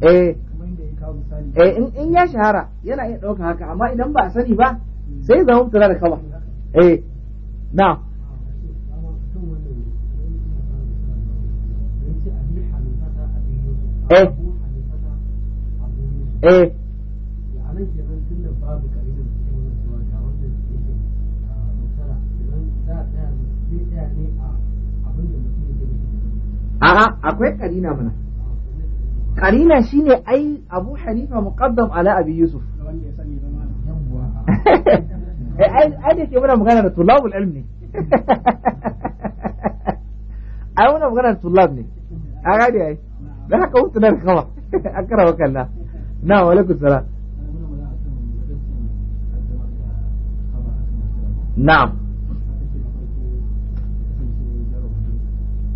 eh eh in ya shahara yana iya ɗaukan haka amma idan ba a sani ba sai zama mutura da kawai eh na eh eh a'a akwai karina mana قرينا شيني أي أبو حنيفة مقدم على أبي يوسف ادي غير الطلاب أبونا مغانا لطلاب العلمي أبونا مغانا لطلابني أغاني أي لها قوت نار خوا أكره وكلا نعم وعليكم السلام نعم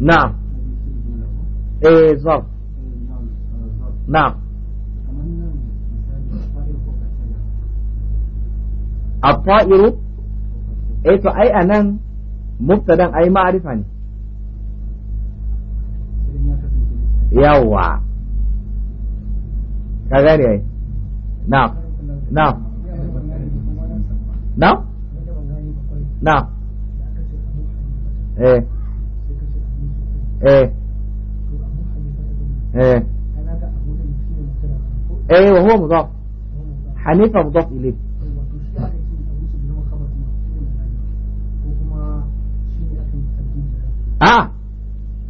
نعم ايه ظرف na'am afa'iru eh to ai anan mubtadan ai ma'arifa ne yawa ka gane ai na'am na'am na'am na'am eh eh eh ايه وهو مضاف حنيفة مضاف اليه اه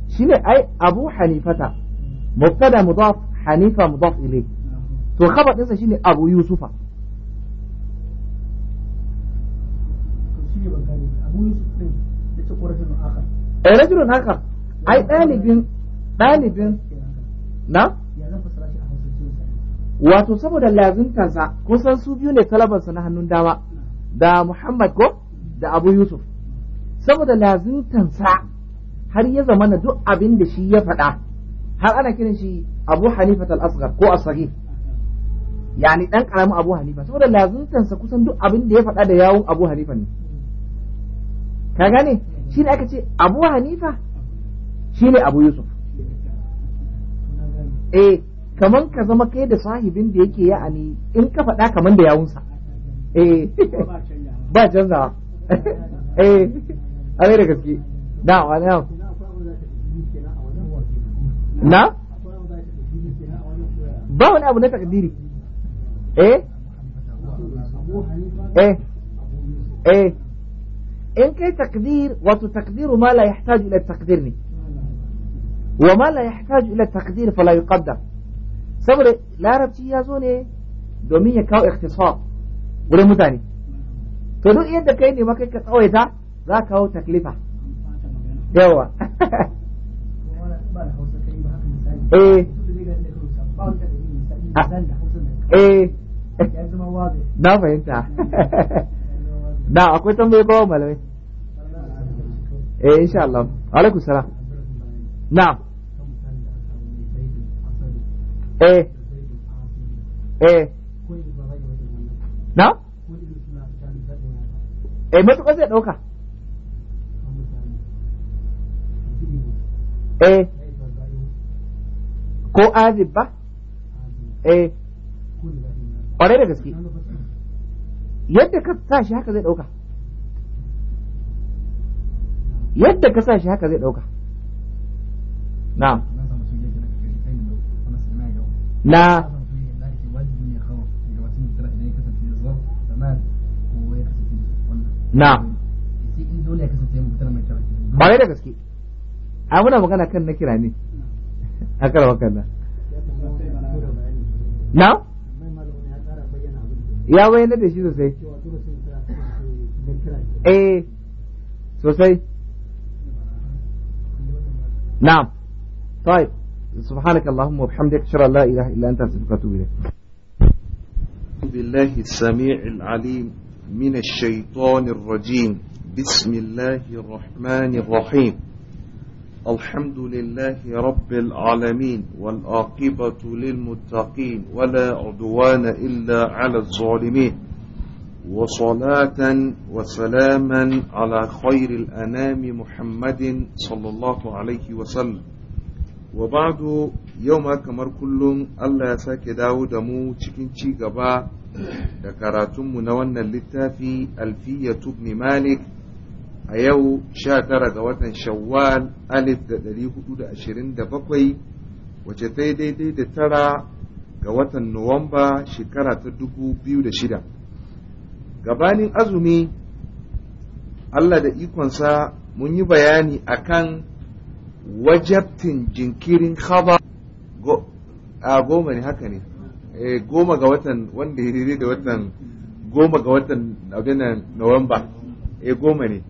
شيني اي ابو حنيفة مبتدا مضاف حنيفة مضاف اليه to khabar ɗinsa shine Abu Yusufa eh rajulun haka ai ɗalibin ɗalibin na wato saboda lazimtansa kusan su biyu ne talabansa na hannun dama da Muhammad ko da Abu Yusuf saboda lazimtansa har ya zama na duk abin da shi ya faɗa har ana kiran shi Abu Hanifa al-Asghar ko as-Saghir yani dan karamin Abu Hanifa saboda lazimtansa kusan duk abin da ya faɗa da yawun Abu Hanifa ne ka gane ne aka ce Abu Hanifa shi ne Abu Yusuf eh kaman ka zama kai da sahibin da yake ya ani in ka faɗa kaman da yawunsa eh ba canza eh a da gaske na wani yau na ba wani abu na takdiri eh eh eh in kai takdir wato takdiru ma la yahtaju ila takdir ne wa ma la yahtaju ila takdir fala yuqaddar saboda larabci ya zo ne domin ya kawo ikhtisar wurin mutane to duk yadda kai ne makai ka tsawaita za ka kawo taklifa yawa eh eh na fahimta na akwai tambayi bawa malamai eh insha Allah alaikum salam na'am eh eh na eh matuƙa zai ɗauka eh ko azib ba eh ƙwarai da gaske yadda ka sa shi haka zai ɗauka yadda ka sa shi haka zai ɗauka na'am na na ba da gaske a muna magana kan na kira ne a karwa kan na ya bayyana da shi sosai eh sosai na طيب سبحانك اللهم وبحمدك اشهد ان لا اله الا انت استغفرك واتوب اليك بالله السميع العليم من الشيطان الرجيم بسم الله الرحمن الرحيم الحمد لله رب العالمين والآقبة للمتقين ولا عدوان إلا على الظالمين وصلاة وسلاما على خير الأنام محمد صلى الله عليه وسلم wa badu yau ma kamar kullum Allah ya sake dawo da mu cikin ci gaba da karatunmu na wannan littafi alfiya tubni malik a yau sha tara ga watan shawwal alif da ɗari hudu da ashirin da bakwai wace ta daidai da tara ga watan nuwamba shekara ta dubu biyu da shida gabanin azumi Allah da ikonsa mun yi bayani akan wajabtin jinkirin khaba a goma ne haka ne eh, goma ga watan wanda ya da watan goma ga watan abin nan Nuwamba eh goma ne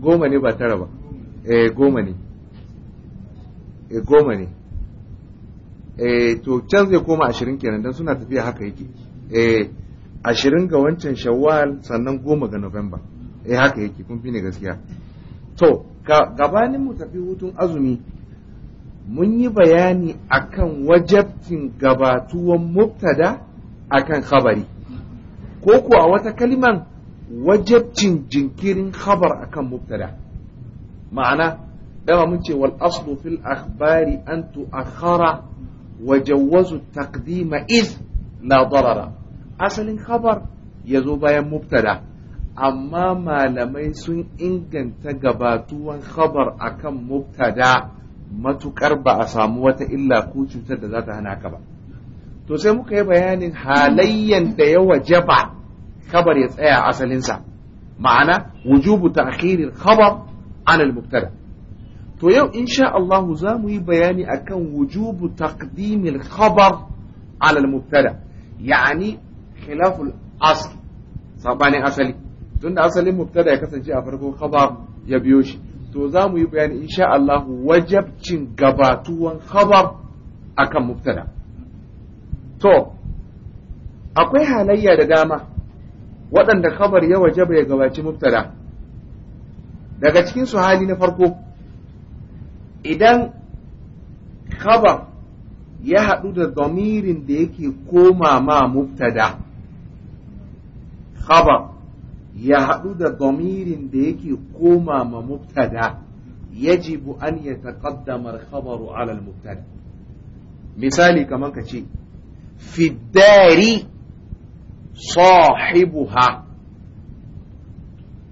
goma ne ba tara ba eh goma ne eh goma ne eh to can zai koma ashirin kenan don suna tafiya haka yake eh ashirin ga wancan shawwal sannan goma ga Nuwamba eh haka yake kun fi ne gaskiya to gabanin mu tafi hutun azumi mun yi bayani akan wajabcin gabatuwan mubtada akan khabari ko kuwa wata kaliman wajabcin jinkirin khabar akan mubtada ma'ana dama mun ce wal fil akhbari an tu'akhkhara wa jawwazu taqdima iz la darara asalin khabar yazo bayan mubtada amma malamai sun inganta gabatuwan khabar akan mubtada matukar ba a samu wata illa ko cutar da za ta hana ka ba to sai muka yi bayanin halayyan da ya wajaba khabar ya tsaya asalinsa ma'ana wujubu ta'khiril khabar anil mubtada to yau insha Allah za mu yi bayani akan wujubu taqdimil khabar alal mubtada yani khilaful asl sabanin asali tunda asalin mubtada ya kasance a farko khabar ya biyo shi to za mu yi bayani insha Allah wajabcin gabatuwan khabar akan mubtada to akwai halayya da dama waɗanda khabar ya wajaba ya gabaci mubtada daga cikin su hali na farko idan khabar ya haɗu da zamirin da yake koma ma mubtada khabar ya haɗu da domirin da yake koma ma mubtada yajibu an ya ta ƙaddamar kabaru alal al misali kamar ka ce fiddari sahibuha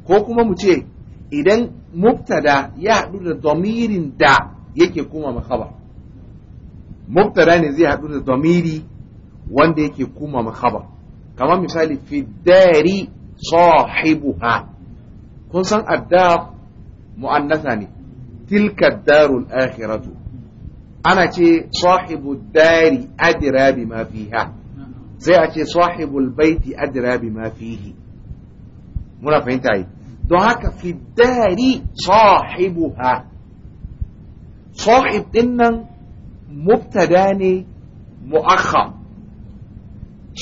ko kuma mu ce idan mubtada ya haɗu da domirin da yake kuma makhabar mubtada ne zai haɗu da domiri wanda yake kuma makhabar kamar misali fiddari sahibuha kun san adda mu'annasa ne tilka darul akhiratu ana ce sahibu dari adira bi ma fiha sai a ce sahibul baiti adira bi ma fihi muna fahimta yi don haka fi dari sahibuha sahib din nan mubtada ne mu'akhkhar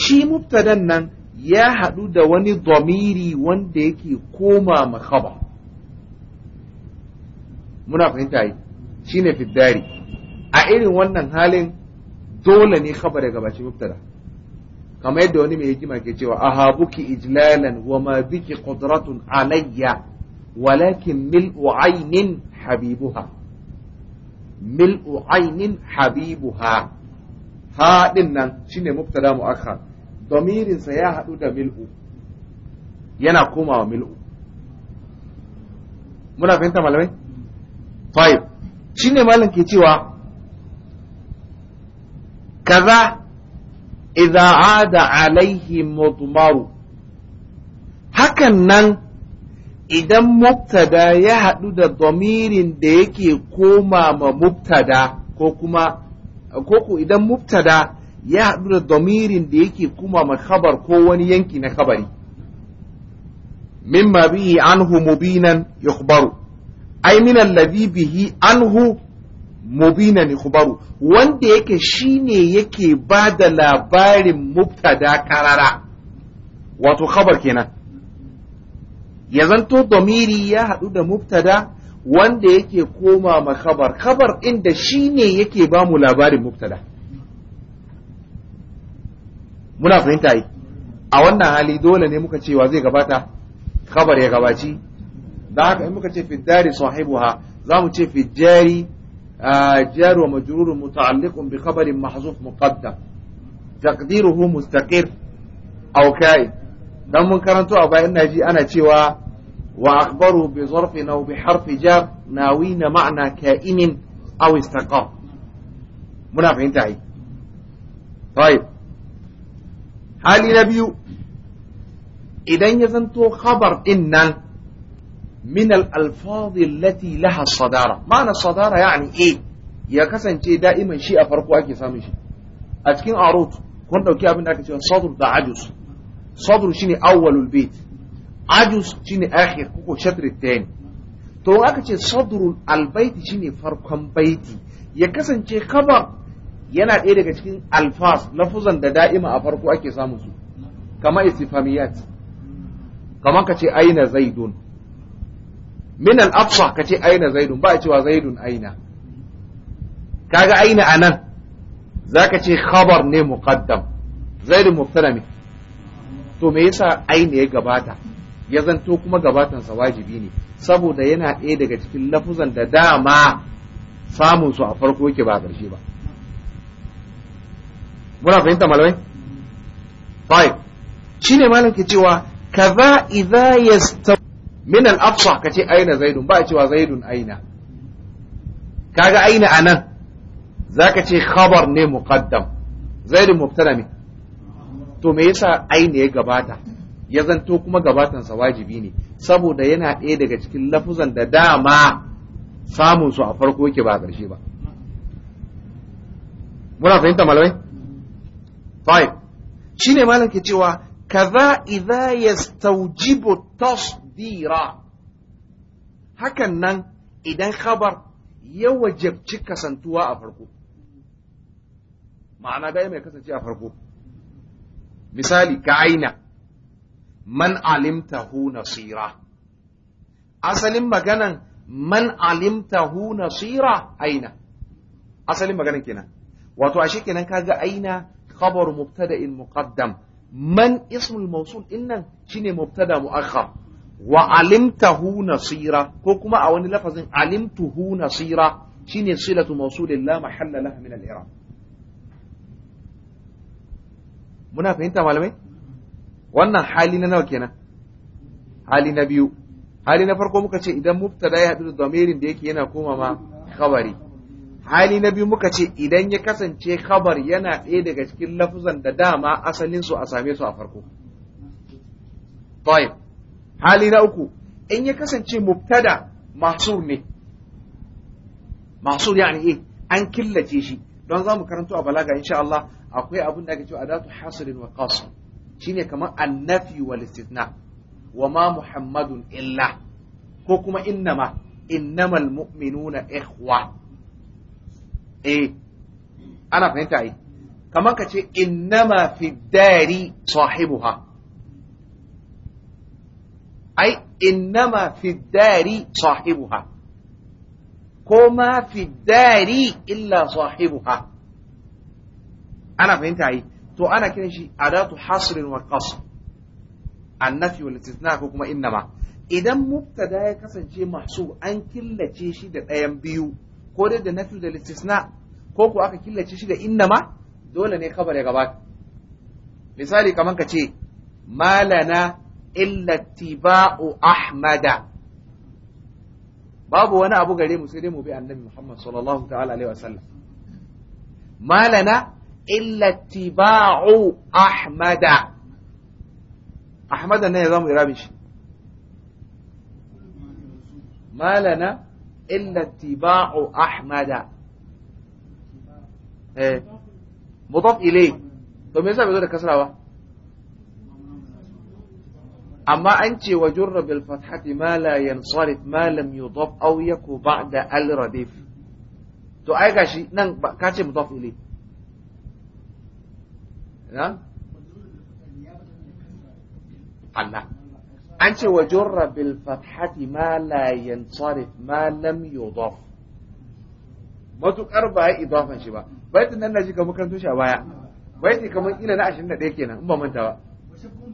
shi mubtadan nan ya haɗu da wani domiri wanda yake koma makaba muna fahimta yi shi ne fiddari a irin wannan halin dole ne khabar ya gabaci mubtada kamar yadda wani mai hikima ke cewa ahabuki ijlalan wa ma biki qudratun alayya walakin mil'u aynin habibuha mil'u aynin habibuha ha din nan shine mubtada mu'akhkhar domirinsa ya haɗu da mil'u yana komawa mil'u muna fahimta malamai? five shi ne malin ke cewa kaza idza ada alaihi mudmaru hakan nan idan mubtada ya haɗu da domirin da yake koma ma mubtada ko kuma ko idan mubtada ya haɗu da domirin da yake kuma mai khabar ko wani yanki na khabari mimma bihi anhu mubinan yukhbaru ai min alladhi bihi anhu mubinan yukhbaru wanda yake shine yake ba da labarin mubtada karara wato khabar kenan ya zanto domiri ya haɗu da mubtada wanda yake koma ma khabar khabar inda shine yake ba mu labarin mubtada muna fahimta yi a wannan hali dole ne muka cewa zai gabata khabar ya gabaci da haka in muka ce fi fiddari sahibuha za mu ce fi jari fiddari جار ومجرور bi بخبر محذوف muqaddam taqdiruhu mustaqir aw kai dan mun karanto a bayan naji ana cewa wa akhbaru bi zarfin aw bi harfi jar nawina ma'na ka'imin aw istaqam muna fahimta yi طيب hali na biyu idan ya zanto khabar din nan min al-alfaz laha sadara Ma'anar sadara ya eh ya kasance da'iman shi a farko ake samun shi a cikin arut kun ɗauki abin da aka ce Sadur da ajus sadr shine awwalul bait ajus shine akhir ko shatr tayin to aka ce sadrul albayti shine farkon baiti ya kasance khabar yana ɗaya daga cikin alfas lafuzan da da'ima a farko ake samun su kama istifamiyat kama ka ce aina zaidun min afsa ka ce aina zaidun ba a cewa zaidun aina kaga aina anan zaka ce khabar ne muqaddam zaidun mubtada ne to me yasa aina ya gabata ya zanto kuma gabatansa wajibi ne saboda yana ɗaya daga cikin lafuzan da dama samun su a farko yake ba ƙarshe ba muna fahimta malamai shi ne malam ke cewa kaza idza yastaw min al ka kace aina zaidun ba cewa zaidun aina kaga aina anan zaka ce khabar ne muqaddam zaidun mubtada ne to me yasa aina ya gabata ya zanto kuma gabatan sa wajibi ne saboda yana ɗaya daga cikin lafuzan da dama samun su a farko yake ba a ƙarshe ba muna fahimta malamai طيب شيني مالك cewa كذا إذا يستوجب التصدير hakan nan idan khabar ya wajabci kasantuwa a farko ma'ana da mai kasance a farko misali ka aina man alimtahu nasira asalin maganan man alimtahu nasira aina asalin maganan kenan wato ashe kenan kaga aina خبر مبتدأ مقدم من اسم الموصول إن شيني مبتدأ مؤخر وعلمته نصيرا كوكما أولي لفظ علمته نصيرا شيني صلة موصول لا محل لها من الإعراب muna fahimta malamai wannan hali na nawa kenan hali na biyu hali na farko muka ce idan mubtada ya haɗu da damirin da yake yana koma ma khabari hali na biyu muka ce idan ya kasance kabar yana ɗaya daga cikin lafuzan da dama asalin su a same su a farko طيب hali na uku in ya kasance mubtada masu ne mahsur yani eh an killace shi don za mu karanto a balaga insha Allah akwai abin da ake cewa adatu hasirin wa qasr shine kamar annafi wal istithna wa ma muhammadun illa ko kuma innama innamal mu'minuna ikhwa eh ana fahimta yi. kamar ka ce innama fi dari sahibuha ai innama fi dari sahibuha ko ma fi dari illa sahibuha ana fahimta yi. to ana kiran shi adatu hasrin wa qasr annafi wal istithna ko kuma innama idan mubtada ya kasance mahsub an killace shi da ɗayan biyu ko dai da nafi da istisna ko ko aka killace shi da innama dole ne kabar ya gabata misali kamar ka ce malana illa tiba'u ahmada babu wani abu gare mu sai dai mu bi annabi Muhammad sallallahu ta'ala alaihi wasallam malana illa tiba'u ahmada ahmada ne zamu irabin shi malana إلا اتباع أحمد مضاف إليه amma an ce wa jurra bil fathati ma la yansarif ma lam yudaf al radif to ai nan ka ce أنت وجر بالفتحة ما لا ينصرف ما لم يضاف ما تقر بها إضافة شبا بيت أن الناجي كما كنتو شبايا بيت كما إلا نعشن نديكينا أم من توا وشكون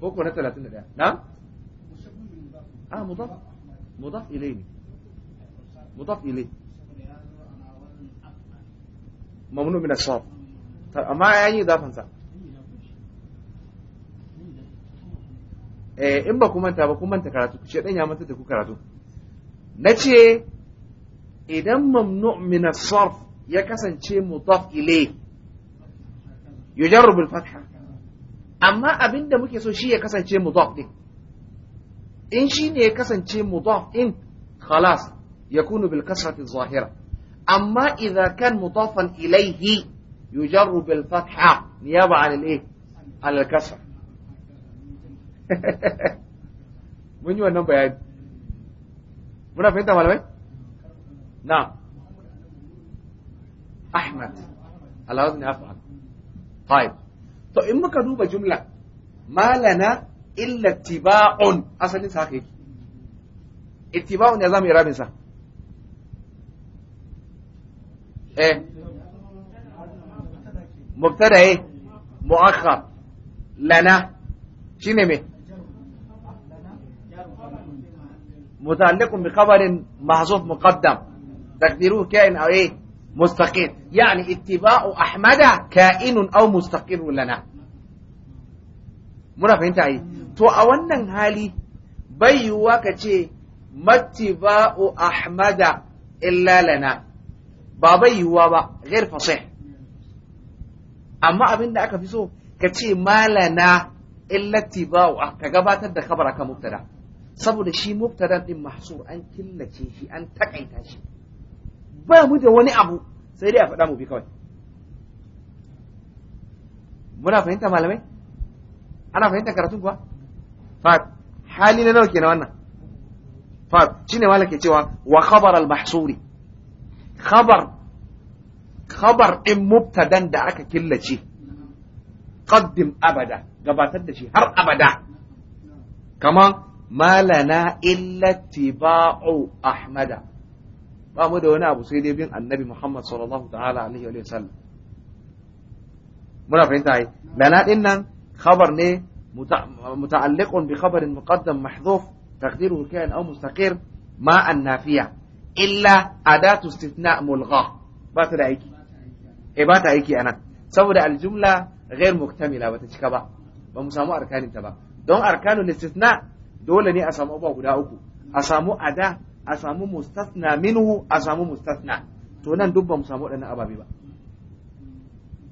بالمضاف نعم وشكون بالمضاف آه مضاف مضاف إليه مضاف إليه ممنوع من الصرف ترى طيب، ما يعني إضافة صح in ba ku manta ba ku manta karatu ku ce dan ya manta da ku karatu nace idan mamnu' min as-sarf ya kasance mudaf ilay yujarrab al fatha amma abinda muke so shi ya kasance mudaf din in shi ne ya kasance mudaf in khalas yakunu bil kasrati zahira amma idha kan mudafan ilayhi yujarrab al fatha niyaba an al-eh al-kasr mun yi wannan bayani muna fahimta malamai na ahmad alawaz ne afal طيب to in muka duba jumla malana illa tiba'un asalin sa haka yake ittiba'un ya zama irabin sa eh mubtada eh mu'akhkhar lana shine me متعلق بخبر محذوف مقدم تقديره كائن أو إيه مستقر يعني اتباع أحمد كائن أو مستقر لنا muna fahimta yi to a wannan hali bai yiwuwa ka ce mattiba'u ahmada illa lana ba bai yiwuwa ba ghair fasih amma abin da aka fi so ka ce malana illa tiba'u ka gabatar da khabara ka mubtada saboda shi mubtada din mahsur an killace shi an takaita shi ba mu da wani abu sai dai a faɗa mu bi kawai muna fahimta malamai ana fahimta karatun kuwa fa hali na nawa kenan wannan fa shine malaka cewa wa khabar al mahsuri khabar khabar din mubtadan da aka killace qaddim abada gabatar da shi har abada kaman ma lana illa tiba'u ahmada ba mu da wani abu sai dai bin annabi muhammad sallallahu ta'ala alaihi wa sallam muna fahimta ai lana din nan khabar ne muta'alliqun bi khabarin muqaddam mahdhuf taqdiruhu kan aw mustaqir ma annafiya illa adatu istithna mulgha ba ta da aiki eh ba ta aiki anan saboda aljumla ghair muktamila bata cika ba ba mu samu arkanin ta ba don arkanul istithna dole ne a samu abubuwa guda uku a samu ada a samu mustasna minhu a samu mustasna to nan duk ba mu samu waɗannan ababe ba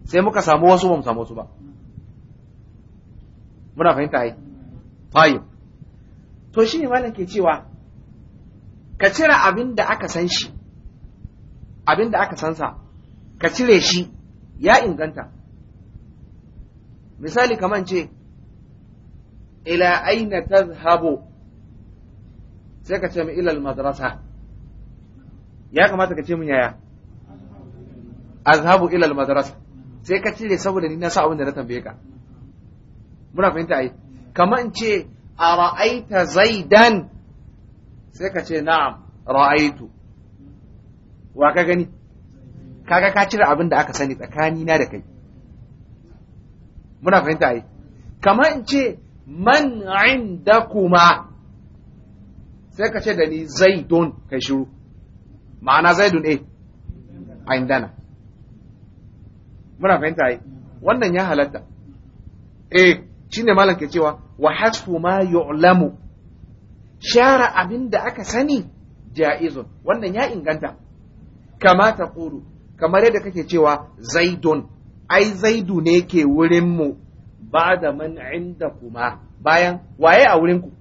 sai muka samu wasu ba mu samu wasu ba muna fahimta ai tayyib to shine malam ke cewa ka cire abin da aka san shi abin da aka san sa ka cire shi ya inganta misali kaman ce ila aina tazhabu sai ka ce mu ilal madrasa ya kamata ka ce mun yaya azhabu ilal madrasa sai ka cire saboda ni na sa abin da na tambaye ka muna fahimta ai kaman ce a ra'aita zaidan sai ka ce na'am ra'aitu wa ka gani kaga ka cire abin da aka sani tsakani na da kai muna fahimta ai kamar in ce man indakuma sai ka ce da ni zaidun kai shiru ma'ana zaidun eh a indana muna fahimta yi wannan ya halatta eh shine malam ke cewa wa hasfu ma yu'lamu share abin da aka sani ja'izun wannan ya inganta kama ta kamar yadda kake cewa zaidun ai zaidu ne ke wurin mu ba'da man indakuma bayan waye a wurin ku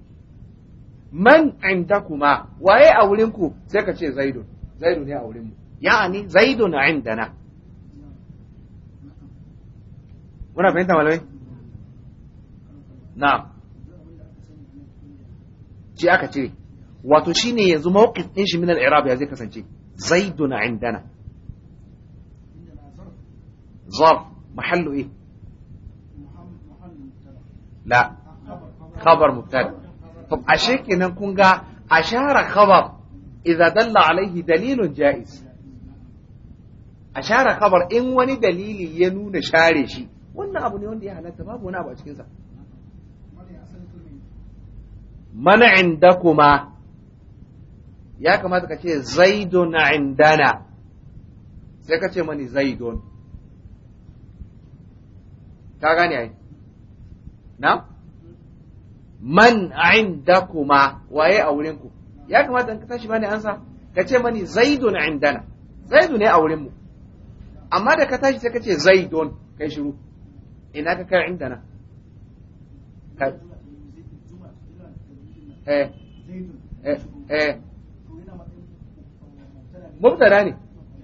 man indakuma waye a wurin ku sai ka ce zaidun zaidun ne a wurin mu ya'ani zaidun indana muna fahimta malamai Na. shi aka ce wato shine yanzu mawqif din shi min al-i'rab ya zai kasance zaidun indana zarf mahallu eh la khabar mubtada to ashe kun ga ashara khabar idza dalla alaihi dalilun jaiz ashara kabar in wani dalili ya nuna share shi wannan abu ne wanda ya halatta babu wani abu a cikin sa mana indakuma ya kamata ka ce zaidun indana sai ka ce mani zaidun ka gane na man indakuma waye a wurinku ya kamata in ka tashi bani ansa ka ce mani zaidun indana zaidu ne a wurinmu amma da ka tashi sai ka ce zaidun kai shiru ina ka kai indana ka eh eh eh مبتدا ne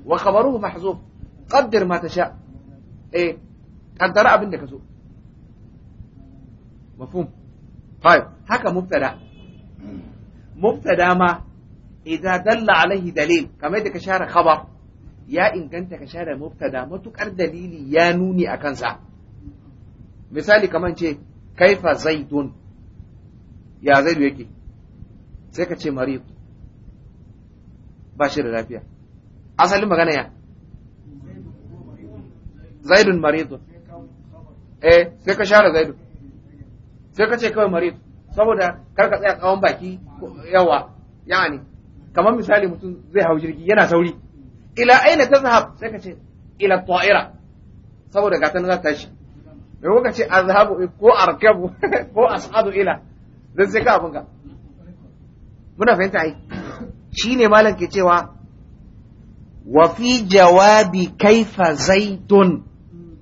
wa khabaruhu mahzuf qaddar ma tasha eh kaddara abin ka so mafhum haka mubtada hmm. mubtada ma idza dalla alaihi dalil kamar da ka share khabar ya inganta ka share mubtada matukar dalili ya nuni a kansa misali kamar ce kaifa zaidun ya zaidu yake sai ka ce marid ba shi da lafiya asalin magana ya zaidun maridun eh sai ka share zaidun sai ka ce kawai marid saboda kar ka tsaya tsawon baki yawa yani kamar misali mutum zai hau jirgi yana sauri ila aina ta zahab sai ka ce ila ta'ira saboda gatan za ta tashi da kuka ce azhabu ko arkabu ko as'adu ila dan sai ka abin ka muna fahimta ai shine malam ke cewa wa fi jawabi kaifa zaidun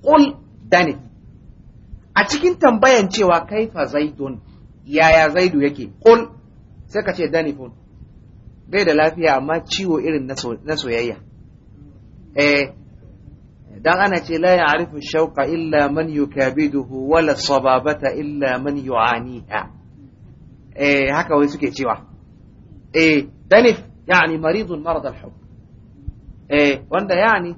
qul dani a cikin tambayan cewa kaifa zaidun yaya zaidu yake kul sai ka ce danifun bai da lafiya amma ciwo irin na soyayya eh dan ana ce la ya'rifu shauqa illa man yukabiduhu wala sababata illa man yu'aniha eh haka wai suke cewa eh danif yani maridun marad al-hub eh wanda yani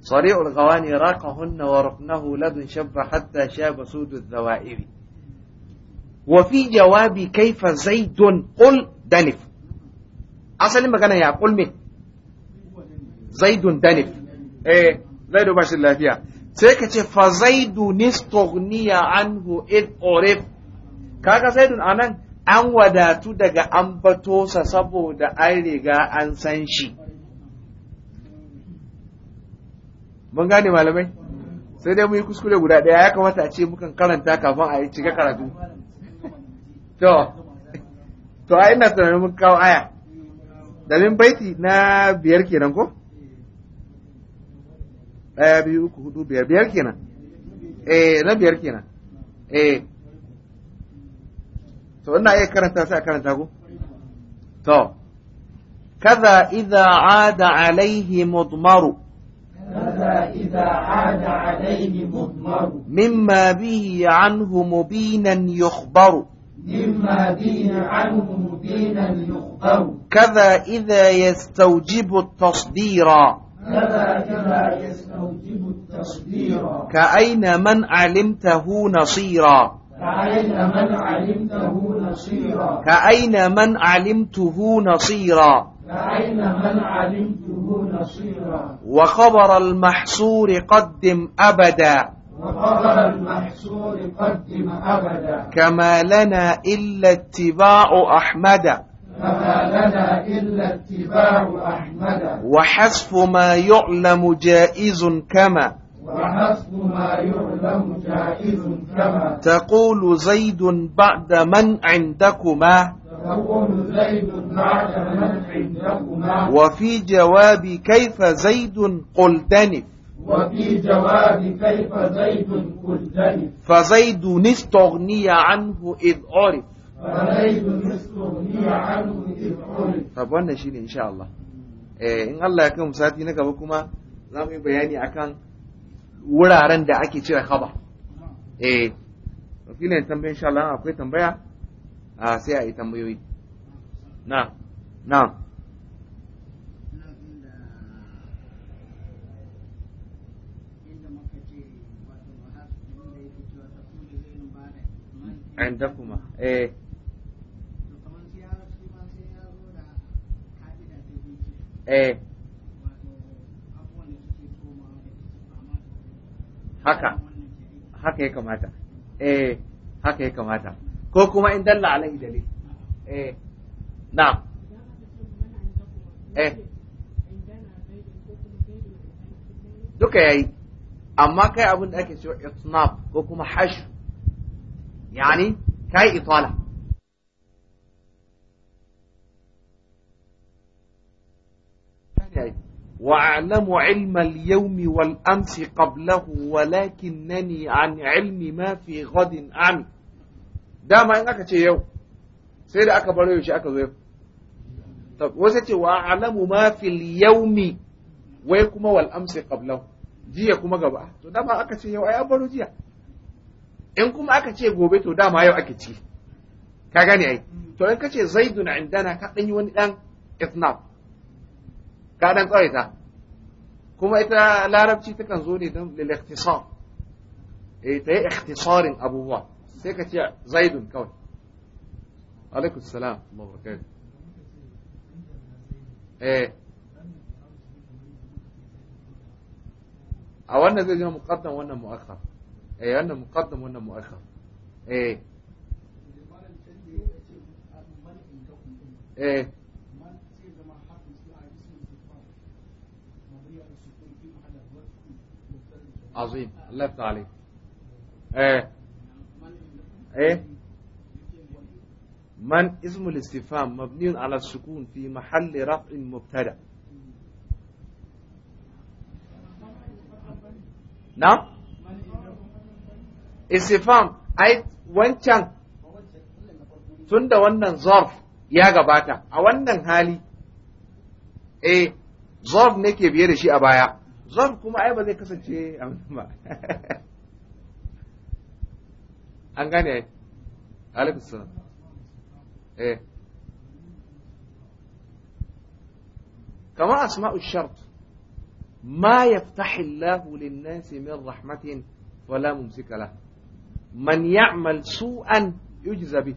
صريع الغواني راقهن ورقنه لدن شب حتى شاب سود الذوائر وفي جواب كيف زيد قل دنف أصل ما كان يقول من زيد دنف إيه زيد باش الله فيها سيكتش فزيد نستغني عنه إذ أعرف كاكا زيد أنا an wadatu daga ambato sa saboda an riga an san shi mun gane malamai sai dai mu yi kuskure guda ɗaya ya kamata a ce mukan karanta kafin a yi cike karatu to to a ina tunanin mun kawo aya dalin baiti na biyar kenan ko ɗaya biyu uku hudu biyar biyar kenan eh na biyar kenan eh to ina iya karanta sai a karanta ko to kaza idza ada alaihi mudmaru هذا إذا عاد عليه مضمر مما به عنه مبينا يخبر مما به عنه مبينا يخبر كذا إذا يستوجب التصدير كذا كذا يستوجب التصدير كأين من علمته نصيرا كأين من علمته نصيرا كأين من علمته نصيرا من علمته نصيرا وخبر المحصور قدم أبدا وخبر المحصور قدم أبدا كما لنا إلا اتباع أحمد فما لنا إلا اتباع أحمد وحسف ما يعلم جائز كما وحسب ما يعلم جائز كما تقول زيد بعد من عندكما وفي جواب كيف زيد قل دنف وفي جواب كيف زيد قل فزيد استغني عنه إذ عرف فزيد استغني عنه إذ عرف طب وانا شيء إن شاء الله in Allah ya kai mu sati na gaba kuma za mu yi bayani akan wuraren da ake cire kaba eh wakilin tambayin insha Allah akwai tambaya a sai a yi tambayoyi na na عندكما ايه eh. eh haka haka ya kamata eh haka ya kamata كوكوما إن دل عليه دليل إيه نعم إيه دوكا يعني أما كي أبن أكي سوى إطناب كوكوما حشو يعني كاي إطالة واعلم علم اليوم والامس قبله ولكنني عن علم ما في غد اعمي dama in aka ce yau sai da aka baro yaushe aka zo yau wasu ce wa alamu ma fil yaumi wai kuma wal amsi qablahu jiya kuma gaba to dama aka ce yau ai an baro jiya in kuma aka ce gobe to dama yau ake ci ka gane ai to in kace zaidun indana ka danyi wani dan isnaf ka dan tsawaita kuma ita larabci takan zo ne don lil ikhtisar eh ta yi ikhtisarin abubuwa sai ka ce zaidun kawai alaikun salam mabarkai eh a wannan zai zama muqaddam wannan mu'akhkhar eh wannan muqaddam wannan mu'akhkhar eh eh عظيم الله يفتح عليك ايه Eh? man ismul istifham mabniun ala fi mahalli raf'in muftada. na istifham ai wancan tunda wannan zarf ya gabata a wannan hali eh ne ke biye da shi a baya zarf kuma ai ba zai kasance ba an gane ai alaikum salam كما أسماء الشرط ما يفتح الله للناس من رحمة ولا ممسك له من يعمل سوءا يجزى به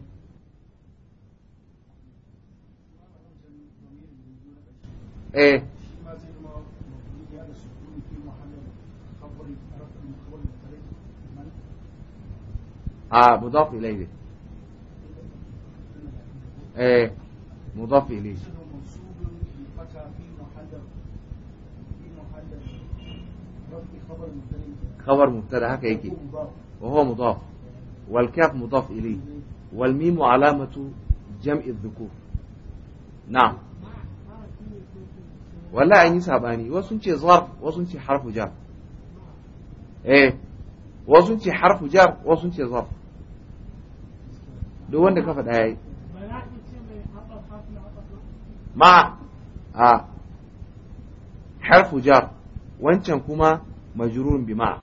ايه آه، مضاف إليه ايه مضاف إليه خبر مبتدا هكا هيكي وهو مضاف والكاف مضاف إليه والميم علامة جمع الذكور نعم ولا عيني ساباني وصنتي ظرف وصنتي حرف جار ايه وصنتي حرف جار وصنتي ظرف duk wanda ka faɗa yayi ma a harfu jar wancan kuma majrurun bi ma